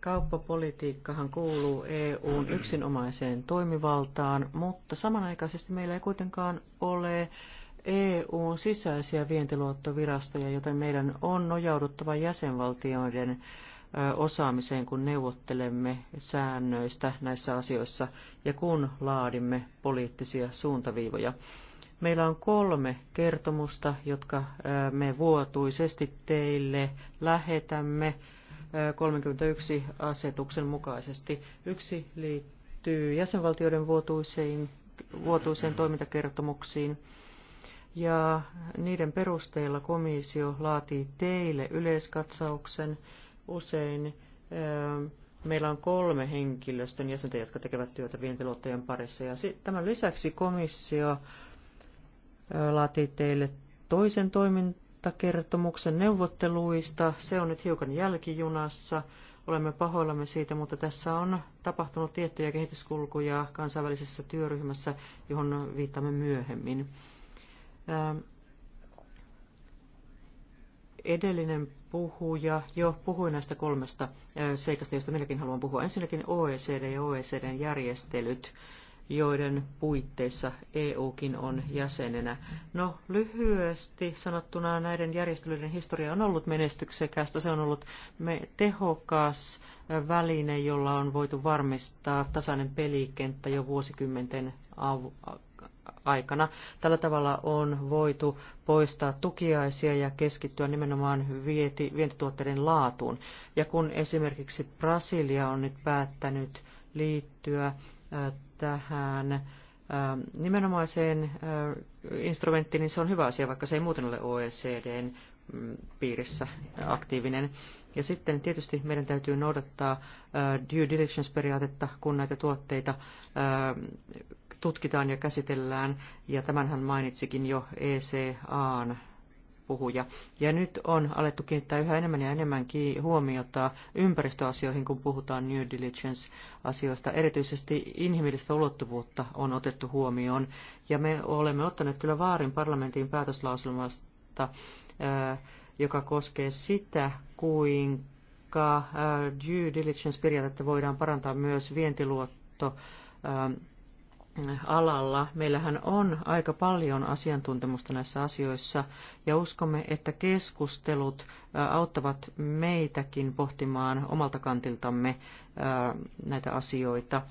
Kauppapolitiikkahan kuuluu EUn yksinomaiseen toimivaltaan, mutta samanaikaisesti meillä ei kuitenkaan ole EUn sisäisiä vientiluottovirastoja, joten meidän on nojauduttava jäsenvaltioiden osaamiseen, kun neuvottelemme säännöistä näissä asioissa ja kun laadimme poliittisia suuntaviivoja. Meillä on kolme kertomusta, jotka me vuotuisesti teille lähetämme 31 asetuksen mukaisesti. Yksi liittyy jäsenvaltioiden vuotuiseen vuotuiseen toimintakertomuksiin. Ja niiden perusteella komissio laatii teille yleiskatsauksen usein meillä on kolme henkilöstön jäsentä, jotka tekevät työtä vientiluottojen parissa. Ja tämän lisäksi komissio laatii teille toisen toimintakertomuksen neuvotteluista. Se on nyt hiukan jälkijunassa. Olemme pahoillamme siitä, mutta tässä on tapahtunut tiettyjä kehityskulkuja kansainvälisessä työryhmässä, johon viittaamme myöhemmin. Edellinen puhuja jo puhui näistä kolmesta seikasta, joista minäkin haluan puhua. Ensinnäkin OECD ja OECDn järjestelyt joiden puitteissa EUkin on jäsenenä. No lyhyesti sanottuna näiden järjestelyiden historia on ollut menestyksekästä. Se on ollut tehokas väline, jolla on voitu varmistaa tasainen pelikenttä jo vuosikymmenten aikana. Tällä tavalla on voitu poistaa tukiaisia ja keskittyä nimenomaan vieti vientituotteiden laatuun. Ja kun esimerkiksi Brasilia on nyt päättänyt liittyä äh, tähän äh, nimenomaiseen äh, instrumenttiin, niin se on hyvä asia, vaikka se ei muuten ole OECDn mm, piirissä aktiivinen. Ja sitten tietysti meidän täytyy noudattaa due diligence-periaatetta, kun näitä tuotteita tutkitaan ja käsitellään, ja tämänhän mainitsikin jo ECAn puhuja. Ja nyt on alettu kiinnittää yhä enemmän ja enemmän huomiota ympäristöasioihin, kun puhutaan New Diligence-asioista. Erityisesti inhimillistä ulottuvuutta on otettu huomioon, ja me olemme ottaneet kyllä vaarin parlamentin päätöslauselmasta, äh, joka koskee sitä, kuinka äh, due diligence-periaatetta voidaan parantaa myös vientiluotto ähm, alalla. Meillähän on aika paljon asiantuntemusta näissä asioissa ja uskomme, että keskustelut auttavat meitäkin pohtimaan omalta kantiltamme näitä asioita.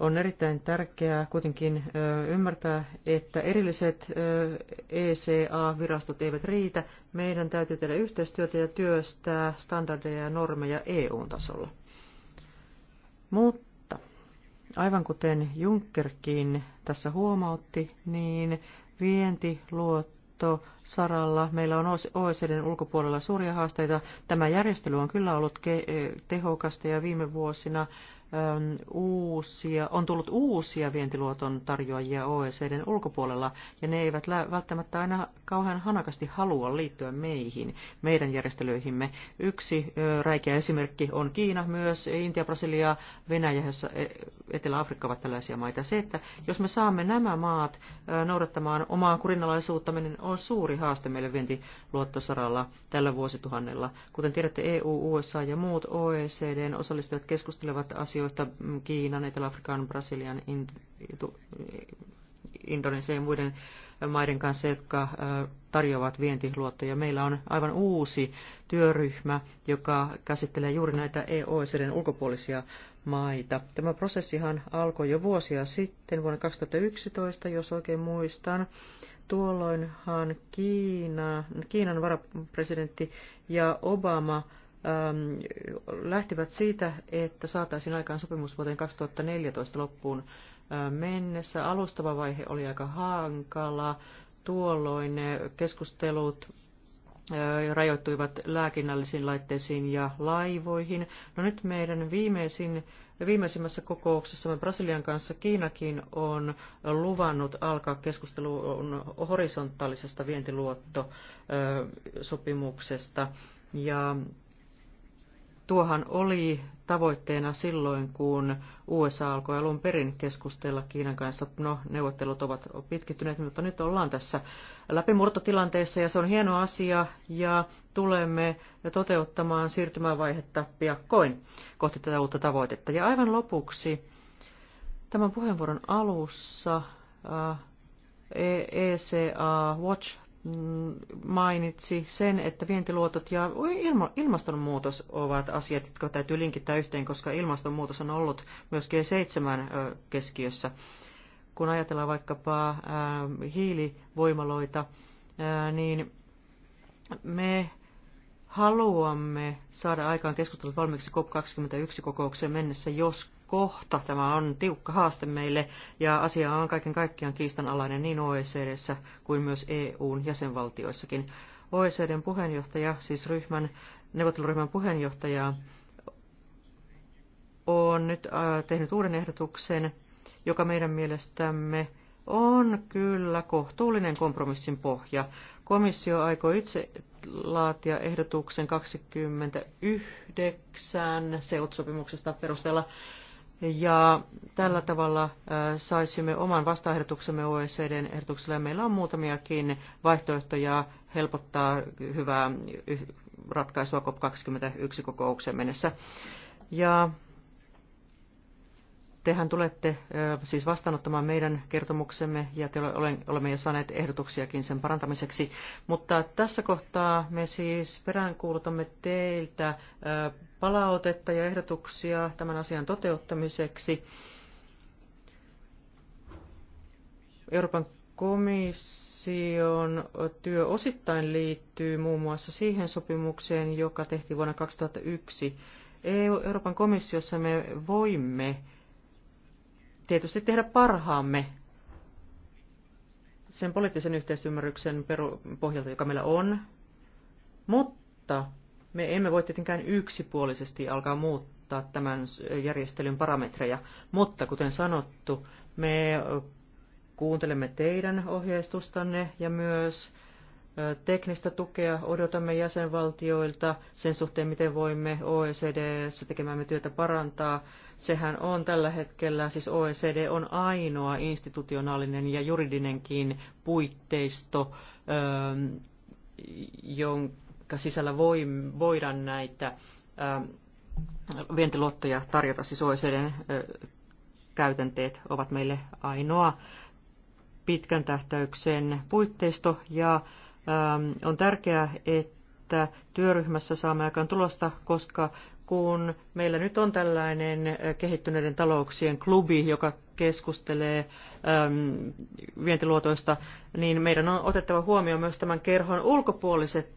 On erittäin tärkeää kuitenkin ymmärtää, että erilliset ECA-virastot eivät riitä. Meidän täytyy tehdä yhteistyötä ja työstää standardeja ja normeja EU-tasolla. Mutta Aivan kuten Junckerkin tässä huomautti, niin vienti luotto saralla meillä on OECDn ulkopuolella suuria haasteita. Tämä järjestely on kyllä ollut eh, tehokasta ja viime vuosina uusia, on tullut uusia vientiluoton tarjoajia OECDn ulkopuolella, ja ne eivät välttämättä aina kauhean hanakasti halua liittyä meihin, meidän järjestelyihimme. Yksi räikeä esimerkki on Kiina, myös Intia, Brasilia, Venäjä, e, Etelä-Afrikka ovat tällaisia maita. Se, että jos me saamme nämä maat noudattamaan omaa kurinalaisuutta, niin on suuri haaste meille vientiluottosaralla tällä vuosituhannella. Kuten tiedätte, EU, USA ja muut OECDn osallistujat keskustelevat asioista, asioista mm, Kiinan, Etelä-Afrikan, Brasilian, Indonesian ja muiden maiden kanssa, jotka tarjoavat vientiluottoja. Meillä on aivan uusi työryhmä, joka käsittelee juuri näitä EOCDn ulkopuolisia maita. Tämä prosessihan alkoi jo vuosia sitten, vuonna 2011, jos oikein muistan. Tuolloinhan Kiina, Kiinan varapresidentti ja Obama – Ähm, lähtivät siitä, että saataisiin aikaan sopimus vuoteen 2014 loppuun äh, mennessä. Alustava vaihe oli aika hankala. Tuolloin äh, keskustelut äh, rajoittuivat lääkinnällisiin laitteisiin ja laivoihin. No nyt meidän viimeisin, viimeisimmässä kokouksessamme Brasilian kanssa Kiinakin on luvannut alkaa keskustelun horisontaalisesta vientiluottosopimuksesta. Ja Tuohan oli tavoitteena silloin, kun USA alkoi alun perin keskustella Kiinan kanssa. No, neuvottelut ovat pitkittyneet, mutta nyt ollaan tässä läpimurtotilanteessa ja se on hieno asia ja tulemme toteuttamaan siirtymävaihetta piakkoin kohti tätä uutta tavoitetta. Ja aivan lopuksi tämän puheenvuoron alussa äh, ECA e Watch mainitsi sen, että vientiluotot ja ilmastonmuutos ovat asiat, jotka täytyy linkittää yhteen, koska ilmastonmuutos on ollut myös G7-keskiössä. Kun ajatellaan vaikkapa hiilivoimaloita, niin me haluamme saada aikaan keskustelut valmiiksi COP21-kokoukseen mennessä, jos kohta. Tämä on tiukka haaste meille ja asia on kaiken kaikkiaan kiistanalainen niin OECDssä kuin myös EUn jäsenvaltioissakin. OECDn puheenjohtaja, siis ryhmän, neuvotteluryhmän puheenjohtaja, on nyt äh, tehnyt uuden ehdotuksen, joka meidän mielestämme on kyllä kohtuullinen kompromissin pohja. Komissio aikoo itse laatia ehdotuksen 29 seutsopimuksesta perusteella ja tällä tavalla saisimme oman vastaehdotuksemme OECDn ehdotukselle. Meillä on muutamiakin vaihtoehtoja helpottaa hyvää ratkaisua COP21 kokoukseen mennessä. Ja Tehän tulette siis vastaanottamaan meidän kertomuksemme ja te olemme jo saaneet ehdotuksiakin sen parantamiseksi. Mutta tässä kohtaa me siis peräänkuulutamme teiltä palautetta ja ehdotuksia tämän asian toteuttamiseksi. Euroopan komission työ osittain liittyy muun muassa siihen sopimukseen, joka tehtiin vuonna 2001. E- Euroopan komissiossa me voimme tietysti tehdä parhaamme sen poliittisen yhteisymmärryksen pohjalta, joka meillä on, mutta me emme voi tietenkään yksipuolisesti alkaa muuttaa tämän järjestelyn parametreja, mutta kuten sanottu, me kuuntelemme teidän ohjeistustanne ja myös Teknistä tukea odotamme jäsenvaltioilta sen suhteen, miten voimme OECD: ssä tekemämme työtä parantaa. Sehän on tällä hetkellä, siis OECD on ainoa institutionaalinen ja juridinenkin puitteisto, jonka sisällä voidaan näitä vientiluottoja tarjota. Siis OECDn käytänteet ovat meille ainoa pitkän tähtäyksen puitteisto ja Ähm, on tärkeää, että työryhmässä saamme aikaan tulosta, koska kun meillä nyt on tällainen äh, kehittyneiden talouksien klubi, joka keskustelee äm, vientiluotoista, niin meidän on otettava huomioon myös tämän kerhon ulkopuoliset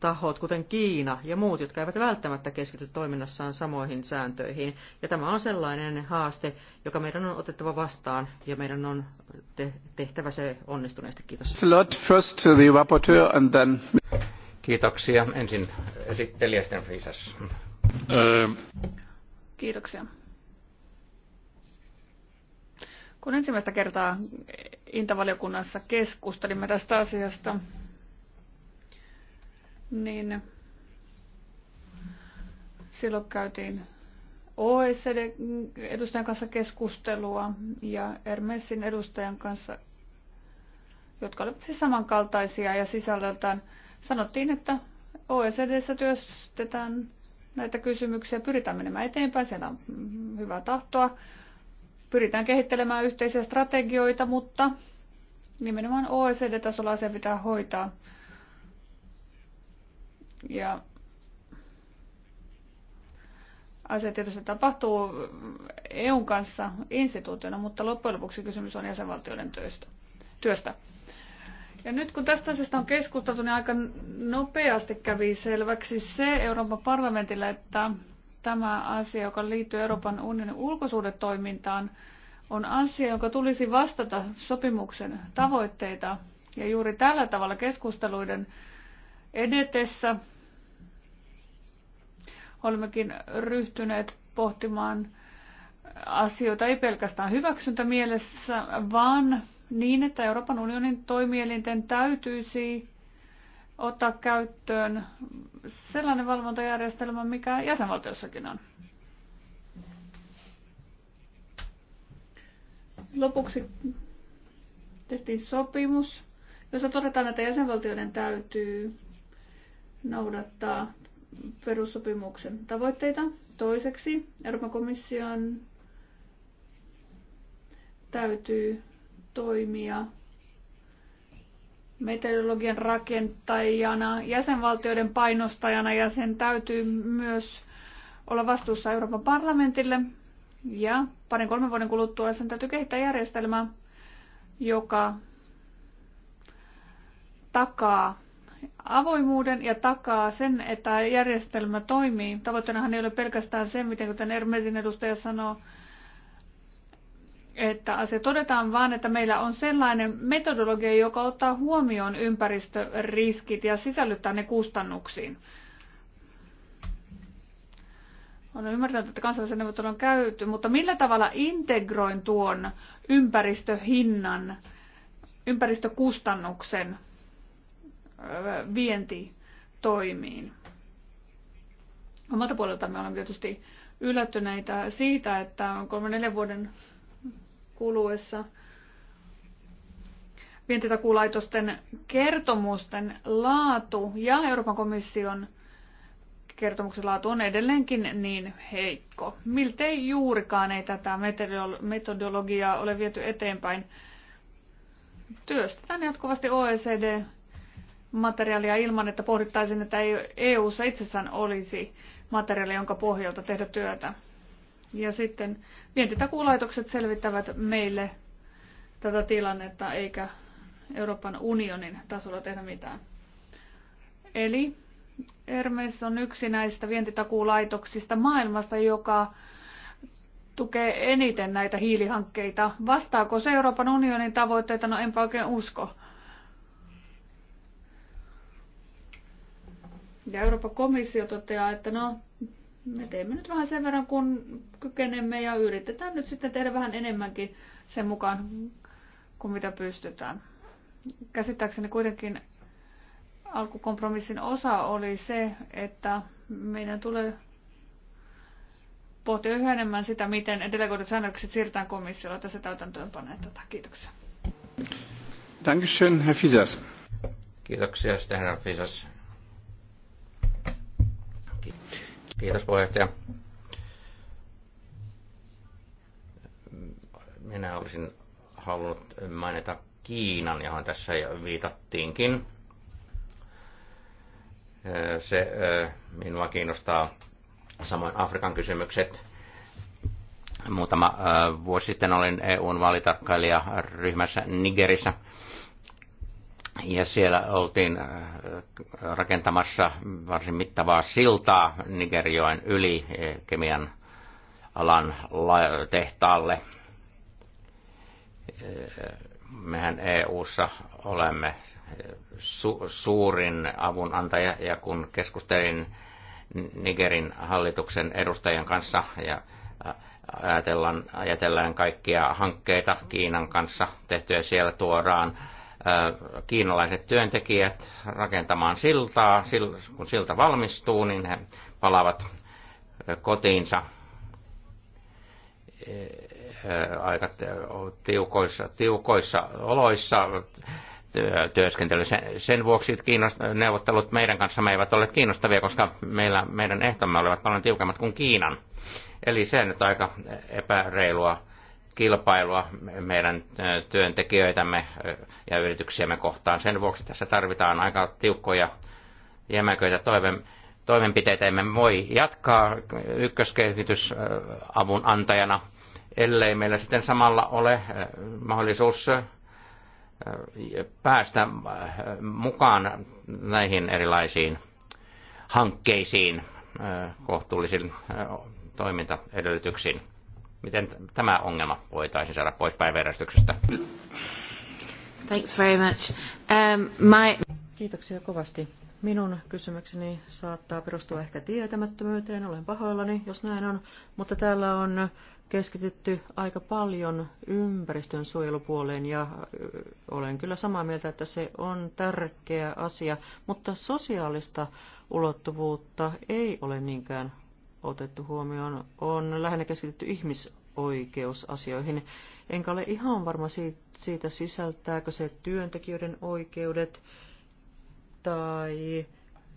tahot, kuten Kiina ja muut, jotka eivät välttämättä keskity toiminnassaan samoihin sääntöihin. Ja tämä on sellainen haaste, joka meidän on otettava vastaan ja meidän on tehtävä se onnistuneesti. Kiitos. First the rapporteur and then... Kiitoksia. Ensin esittelijä sitten Friisas. Kiitoksia. Kun ensimmäistä kertaa Intavaliokunnassa keskustelimme tästä asiasta, niin silloin käytiin OECD-edustajan kanssa keskustelua ja Hermesin edustajan kanssa, jotka olivat siis samankaltaisia ja sisällöltään. Sanottiin, että OECDssä työstetään näitä kysymyksiä, pyritään menemään eteenpäin, siellä on hyvää tahtoa, pyritään kehittelemään yhteisiä strategioita, mutta nimenomaan OECD-tasolla asia pitää hoitaa ja asia tietysti tapahtuu EUn kanssa instituutiona, mutta loppujen lopuksi kysymys on jäsenvaltioiden työstä. työstä. Ja nyt kun tästä asiasta on keskusteltu, niin aika nopeasti kävi selväksi se Euroopan parlamentille, että tämä asia, joka liittyy Euroopan unionin ulkosuhdetoimintaan, on asia, joka tulisi vastata sopimuksen tavoitteita. Ja juuri tällä tavalla keskusteluiden edetessä olemmekin ryhtyneet pohtimaan asioita ei pelkästään hyväksyntämielessä, vaan niin, että Euroopan unionin toimielinten täytyisi ottaa käyttöön sellainen valvontajärjestelmä, mikä jäsenvaltiossakin on. Lopuksi tehtiin sopimus, jossa todetaan, että jäsenvaltioiden täytyy noudattaa perussopimuksen tavoitteita. Toiseksi Euroopan komission täytyy toimia meteorologian rakentajana, jäsenvaltioiden painostajana ja sen täytyy myös olla vastuussa Euroopan parlamentille. Ja parin kolmen vuoden kuluttua sen täytyy kehittää järjestelmä, joka takaa avoimuuden ja takaa sen, että järjestelmä toimii. Tavoitteenahan ei ole pelkästään se, miten kuten Ermesin edustaja sanoo, että asia todetaan vaan, että meillä on sellainen metodologia, joka ottaa huomioon ympäristöriskit ja sisällyttää ne kustannuksiin. Olen ymmärtänyt, että kansallisen neuvottelun on käyty, mutta millä tavalla integroin tuon ympäristöhinnan, ympäristökustannuksen vientitoimiin. Omalta me olemme tietysti yllättyneitä siitä, että kolme neljän vuoden kuluessa vientitakuulaitosten kertomusten laatu ja Euroopan komission kertomuksen laatu on edelleenkin niin heikko. Miltei juurikaan ei tätä metodologiaa ole viety eteenpäin. Työstetään jatkuvasti OECD materiaalia ilman, että pohdittaisiin, että EU-ssa itsessään olisi materiaalia, jonka pohjalta tehdä työtä. Ja sitten vientitakuulaitokset selvittävät meille tätä tilannetta, eikä Euroopan unionin tasolla tehdä mitään. Eli Hermes on yksi näistä vientitakuulaitoksista maailmasta, joka tukee eniten näitä hiilihankkeita. Vastaako se Euroopan unionin tavoitteita? No enpä oikein usko. Ja Euroopan komissio toteaa, että no, me teemme nyt vähän sen verran, kun kykenemme ja yritetään nyt sitten tehdä vähän enemmänkin sen mukaan, kuin mitä pystytään. Käsittääkseni kuitenkin alkukompromissin osa oli se, että meidän tulee pohtia yhä enemmän sitä, miten delegoidut säännökset siirretään komissiolla tässä täytäntöönpaneen tätä. Kiitoksia. Dankeschön, Herr Fisas. Kiitoksia, herra Fisas. Kiitos puheenjohtaja. Minä olisin halunnut mainita Kiinan, johon tässä jo viitattiinkin. Se minua kiinnostaa samoin Afrikan kysymykset. Muutama vuosi sitten olin EUn vaalitarkkailija ryhmässä Nigerissä ja siellä oltiin äh, rakentamassa varsin mittavaa siltaa Nigerjoen yli eh, kemian alan tehtaalle. Eh, mehän EU:ssa olemme eh, su- suurin avunantaja ja kun keskustelin Nigerin hallituksen edustajan kanssa ja ajatellaan, ajatellaan kaikkia hankkeita Kiinan kanssa tehtyä siellä tuodaan kiinalaiset työntekijät rakentamaan siltaa. Kun silta valmistuu, niin he palaavat kotiinsa aika tiukoissa, tiukoissa oloissa työskentely. Sen, vuoksi neuvottelut meidän kanssa me eivät olleet kiinnostavia, koska meillä, meidän ehtomme olivat paljon tiukemmat kuin Kiinan. Eli se nyt aika epäreilua kilpailua meidän työntekijöitämme ja yrityksiämme kohtaan. Sen vuoksi tässä tarvitaan aika tiukkoja jämäköitä toimen, toimenpiteitä. Emme voi jatkaa ykköskehitysavun antajana, ellei meillä sitten samalla ole mahdollisuus päästä mukaan näihin erilaisiin hankkeisiin kohtuullisiin toimintaedellytyksiin Miten tämä ongelma voitaisiin saada pois päiväjärjestyksestä? Thanks very much. Um, my... Kiitoksia kovasti. Minun kysymykseni saattaa perustua ehkä tietämättömyyteen, olen pahoillani, jos näin on, mutta täällä on keskitytty aika paljon ympäristön suojelupuoleen ja olen kyllä samaa mieltä, että se on tärkeä asia, mutta sosiaalista ulottuvuutta ei ole niinkään otettu huomioon, on lähinnä keskitytty ihmisoikeusasioihin. Enkä ole ihan varma siitä, sisältääkö se työntekijöiden oikeudet tai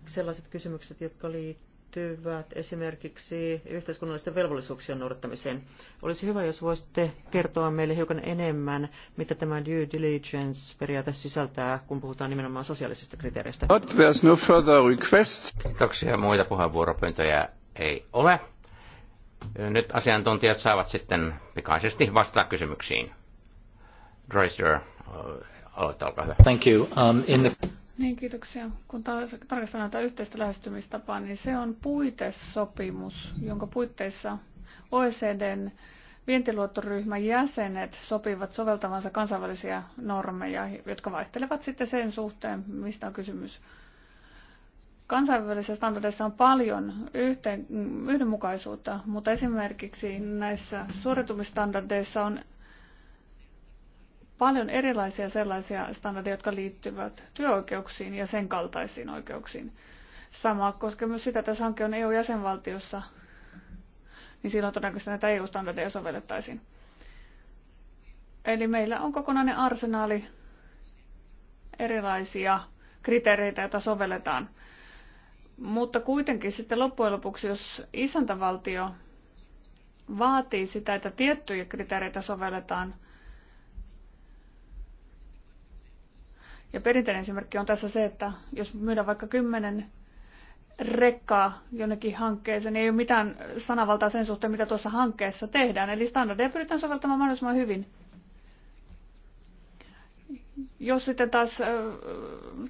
sellaiset kysymykset, jotka liittyvät esimerkiksi yhteiskunnallisten velvollisuuksien noudattamiseen. Olisi hyvä, jos voisitte kertoa meille hiukan enemmän, mitä tämä due diligence-periaate sisältää, kun puhutaan nimenomaan sosiaalisista kriteereistä. Not, no further requests. Kiitoksia. Muita puheenvuoropyyntöjä ei ole. Nyt asiantuntijat saavat sitten pikaisesti vastata kysymyksiin. Dreister, aloittaa, olkaa hyvä. Thank you. Um, in the... Niin, kiitoksia. Kun tarkastellaan tätä yhteistä lähestymistapaa, niin se on puitesopimus, jonka puitteissa OECDn vientiluottoryhmän jäsenet sopivat soveltavansa kansainvälisiä normeja, jotka vaihtelevat sitten sen suhteen, mistä on kysymys. Kansainvälisissä standardeissa on paljon yhteen, yhdenmukaisuutta, mutta esimerkiksi näissä suoritumistandardeissa on paljon erilaisia sellaisia standardeja, jotka liittyvät työoikeuksiin ja sen kaltaisiin oikeuksiin. Sama koskee myös sitä, että jos hanke on EU-jäsenvaltiossa, niin silloin todennäköisesti näitä EU-standardeja sovellettaisiin. Eli meillä on kokonainen arsenaali erilaisia kriteereitä, joita sovelletaan – mutta kuitenkin sitten loppujen lopuksi, jos isäntävaltio vaatii sitä, että tiettyjä kriteereitä sovelletaan, ja perinteinen esimerkki on tässä se, että jos myydään vaikka kymmenen rekkaa jonnekin hankkeeseen, niin ei ole mitään sanavaltaa sen suhteen, mitä tuossa hankkeessa tehdään. Eli standardeja pyritään soveltamaan mahdollisimman hyvin jos sitten taas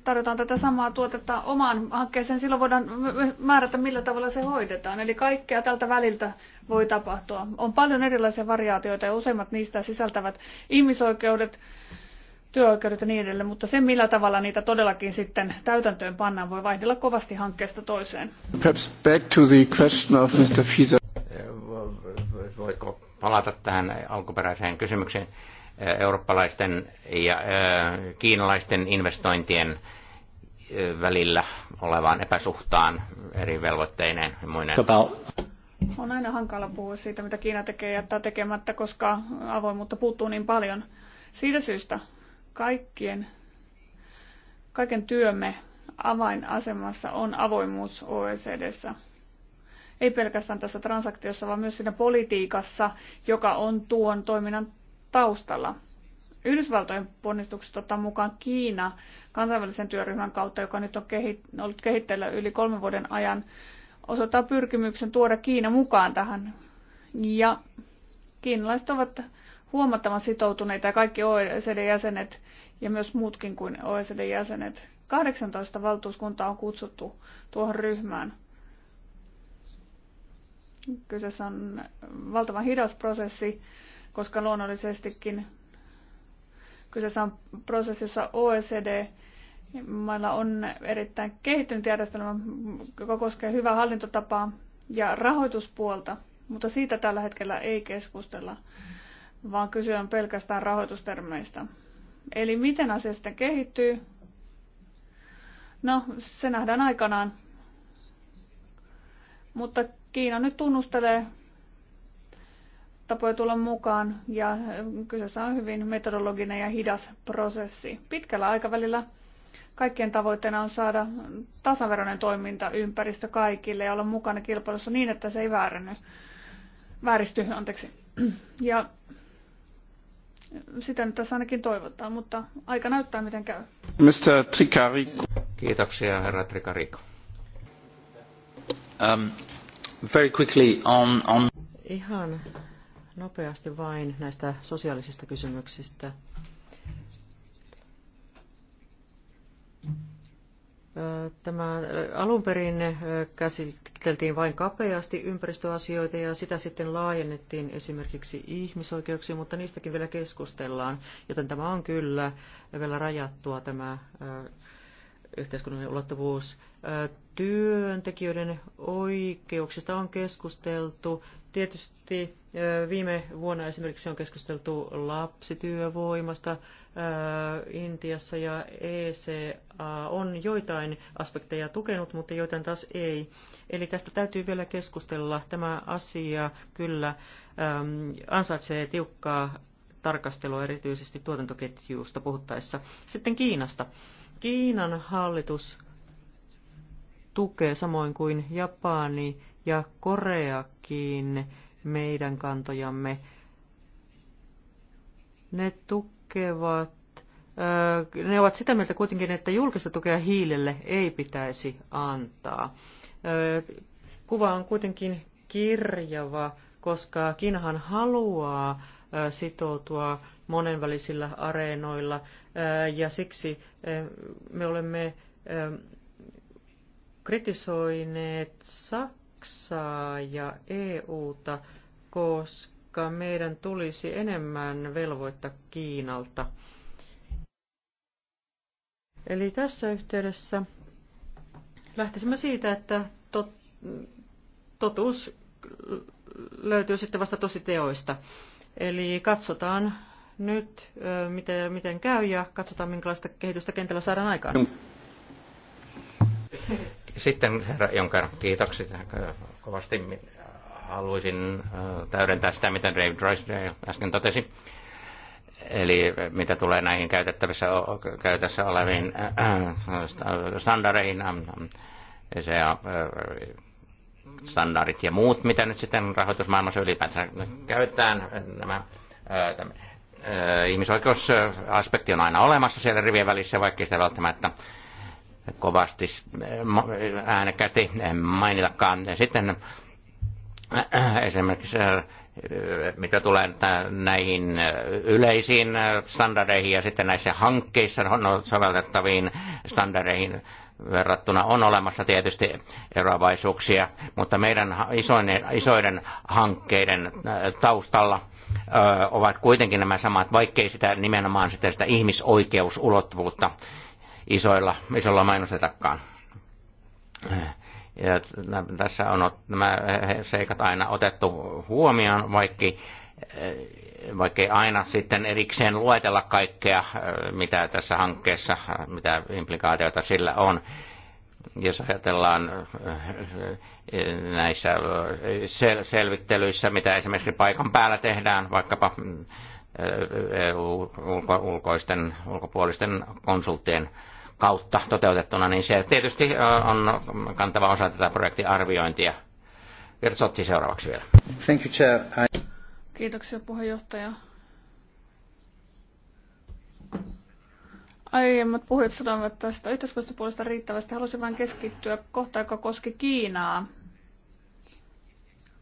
tarjotaan tätä samaa tuotetta omaan hankkeeseen, silloin voidaan määrätä, millä tavalla se hoidetaan. Eli kaikkea tältä väliltä voi tapahtua. On paljon erilaisia variaatioita ja useimmat niistä sisältävät ihmisoikeudet, työoikeudet ja niin edelleen, mutta se, millä tavalla niitä todellakin sitten täytäntöön pannaan, voi vaihdella kovasti hankkeesta toiseen. Perhaps back to the question of Mr. Fieser. Voiko palata tähän alkuperäiseen kysymykseen? eurooppalaisten ja kiinalaisten investointien välillä olevaan epäsuhtaan eri velvoitteineen ja muineen. Tota- on aina hankala puhua siitä, mitä Kiina tekee ja jättää tekemättä, koska avoimuutta puuttuu niin paljon. Siitä syystä kaikkien, kaiken työmme avainasemassa on avoimuus OECDssä. Ei pelkästään tässä transaktiossa, vaan myös siinä politiikassa, joka on tuon toiminnan taustalla. Yhdysvaltojen ponnistukset ottaa mukaan Kiina kansainvälisen työryhmän kautta, joka nyt on kehi- ollut kehitteillä yli kolmen vuoden ajan, osoittaa pyrkimyksen tuoda Kiina mukaan tähän. Ja kiinalaiset ovat huomattavan sitoutuneita ja kaikki OECD-jäsenet ja myös muutkin kuin OECD-jäsenet. 18 valtuuskuntaa on kutsuttu tuohon ryhmään. Kyseessä on valtavan hidas prosessi, koska luonnollisestikin kyseessä on prosessi, jossa OECD mailla on erittäin kehittynyt järjestelmä, joka koskee hyvää hallintotapaa ja rahoituspuolta, mutta siitä tällä hetkellä ei keskustella, vaan kyse on pelkästään rahoitustermeistä. Eli miten asia sitten kehittyy? No, se nähdään aikanaan. Mutta Kiina nyt tunnustelee tapoja tulla mukaan ja kyseessä on hyvin metodologinen ja hidas prosessi. Pitkällä aikavälillä kaikkien tavoitteena on saada tasaveroinen toimintaympäristö kaikille ja olla mukana kilpailussa niin, että se ei väärenny, vääristy. Anteeksi. Ja sitä nyt tässä ainakin toivotaan, mutta aika näyttää, miten käy. Mr. Tricarico. Kiitoksia, herra Tricarico. Um, very quickly on, on... Ihan nopeasti vain näistä sosiaalisista kysymyksistä. Tämä alun perin käsiteltiin vain kapeasti ympäristöasioita ja sitä sitten laajennettiin esimerkiksi ihmisoikeuksiin, mutta niistäkin vielä keskustellaan, joten tämä on kyllä vielä rajattua tämä yhteiskunnallinen ulottuvuus. Työntekijöiden oikeuksista on keskusteltu. Tietysti Viime vuonna esimerkiksi on keskusteltu lapsityövoimasta Intiassa ja ECA on joitain aspekteja tukenut, mutta joitain taas ei. Eli tästä täytyy vielä keskustella. Tämä asia kyllä ansaitsee tiukkaa tarkastelua erityisesti tuotantoketjuusta puhuttaessa. Sitten Kiinasta. Kiinan hallitus tukee samoin kuin Japani ja Koreakin meidän kantojamme. Ne tukevat, ne ovat sitä mieltä kuitenkin, että julkista tukea hiilelle ei pitäisi antaa. Kuva on kuitenkin kirjava, koska Kiinahan haluaa sitoutua monenvälisillä areenoilla ja siksi me olemme kritisoineet Saksaa Saksaa ja EUta, koska meidän tulisi enemmän velvoittaa Kiinalta. Eli tässä yhteydessä lähtisimme siitä, että tot, totuus löytyy sitten vasta teoista. Eli katsotaan nyt, miten, miten käy ja katsotaan, minkälaista kehitystä kentällä saadaan aikaan. Sitten herra Jonker, kiitokset äh, kovasti. Haluaisin äh, täydentää sitä, mitä Dave Drysdale äsken totesi. Eli äh, mitä tulee näihin käytettävissä, käytössä oleviin standardeihin, se standardit ja muut, mitä nyt sitten rahoitusmaailmassa ylipäätään käytetään, nämä ihmisoikeusaspekti on aina olemassa siellä rivien välissä, vaikka sitä välttämättä kovasti eh, äänekkäästi mainitakaan. Sitten eh, eh, esimerkiksi mitä tulee näihin yleisiin standardeihin ja sitten näissä hankkeissa no, no, sovellettaviin standardeihin verrattuna on olemassa tietysti eroavaisuuksia, mutta meidän isoiden hankkeiden taustalla ovat kuitenkin nämä samat, vaikkei sitä nimenomaan sitä, sitä ihmisoikeusulottuvuutta isoilla, isolla mainostetakaan. Ja tässä on nämä seikat aina otettu huomioon, vaikka eh, vaikkei aina sitten erikseen luetella kaikkea, eh, mitä tässä hankkeessa, mitä implikaatioita sillä on. Jos ajatellaan eh, näissä sel- selvittelyissä, mitä esimerkiksi paikan päällä tehdään, vaikkapa eu ulkoisten, ulkopuolisten konsulttien kautta toteutettuna, niin se tietysti on kantava osa tätä projektiarviointia. Virtsotti seuraavaksi vielä. Thank you, Chair. I... Kiitoksia puheenjohtaja. Aiemmat puhujat sanoivat tästä yhteiskuntapuolesta riittävästi. Halusin vain keskittyä kohtaan, joka koski Kiinaa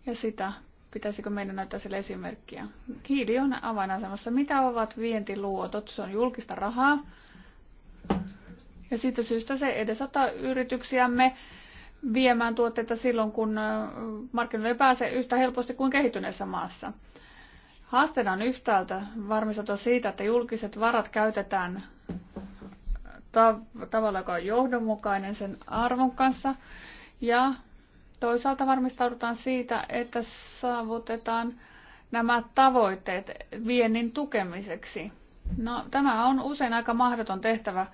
ja sitä, pitäisikö meidän näyttää sille esimerkkiä. Kiili on avainasemassa. Mitä ovat vientiluotot? Se on julkista rahaa. Ja siitä syystä se edesottaa yrityksiämme viemään tuotteita silloin, kun markkinoille ei pääse yhtä helposti kuin kehittyneessä maassa. Haasteena on yhtäältä varmistaa siitä, että julkiset varat käytetään tav- tavalla, joka on johdonmukainen sen arvon kanssa. Ja toisaalta varmistaudutaan siitä, että saavutetaan nämä tavoitteet viennin tukemiseksi. No, tämä on usein aika mahdoton tehtävä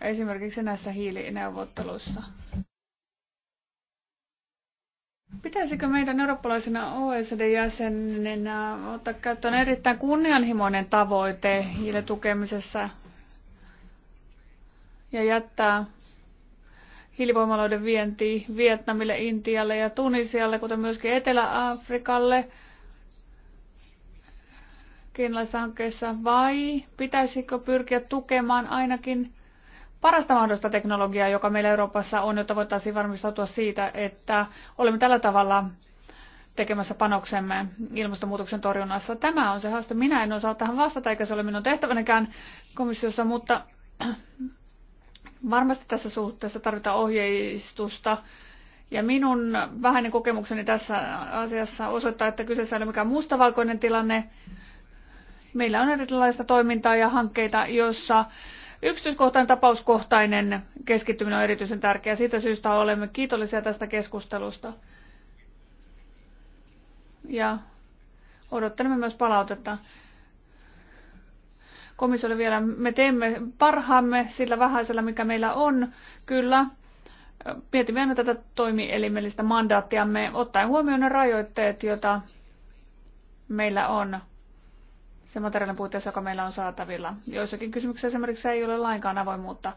esimerkiksi näissä hiilineuvotteluissa. Pitäisikö meidän eurooppalaisena OECD-jäsenenä ottaa käyttöön erittäin kunnianhimoinen tavoite hiilen tukemisessa ja jättää hiilivoimaloiden vienti Vietnamille, Intialle ja Tunisialle, kuten myöskin Etelä-Afrikalle kiinalaisessa hankkeessa, vai pitäisikö pyrkiä tukemaan ainakin parasta mahdollista teknologiaa, joka meillä Euroopassa on, jotta voitaisiin varmistautua siitä, että olemme tällä tavalla tekemässä panoksemme ilmastonmuutoksen torjunnassa. Tämä on se haaste. Minä en osaa tähän vastata, eikä se ole minun tehtävänäkään komissiossa, mutta varmasti tässä suhteessa tarvitaan ohjeistusta. Ja minun vähäinen kokemukseni tässä asiassa osoittaa, että kyseessä ei ole mikään mustavalkoinen tilanne. Meillä on erilaista toimintaa ja hankkeita, joissa Yksityiskohtainen tapauskohtainen keskittyminen on erityisen tärkeää. Siitä syystä olemme kiitollisia tästä keskustelusta. Ja odottelemme myös palautetta komissiolle vielä. Me teemme parhaamme sillä vähäisellä, mikä meillä on. Kyllä, mietimme aina tätä toimielimellistä mandaattiamme, ottaen huomioon ne rajoitteet, joita meillä on se materiaalin puitteissa, joka meillä on saatavilla. Joissakin kysymyksissä esimerkiksi ei ole lainkaan avoimuutta,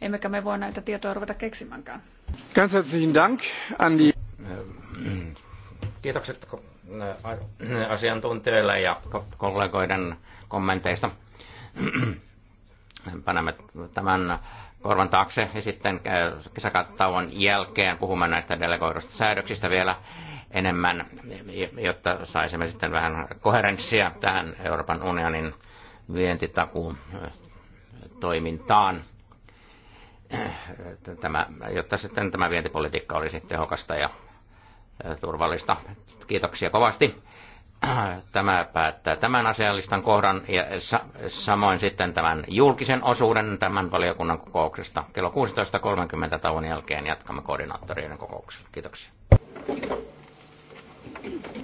emmekä me voi näitä tietoja ruveta keksimäänkään. Ganz herzlichen Dank Andi. Kiitokset äh, asiantuntijoille ja kollegoiden kommenteista. Panemme tämän korvan taakse ja sitten äh, kesäkattauon jälkeen puhumme näistä delegoidusta säädöksistä vielä enemmän, jotta saisimme sitten vähän koherenssia tähän Euroopan unionin vientitakuun toimintaan. Tämä, jotta sitten tämä vientipolitiikka olisi tehokasta ja turvallista. Kiitoksia kovasti. Tämä päättää tämän asiallistan kohdan ja sa- samoin sitten tämän julkisen osuuden tämän valiokunnan kokouksesta. Kello 16.30 tauon jälkeen jatkamme koordinaattorien kokouksella. Kiitoksia. Thank you.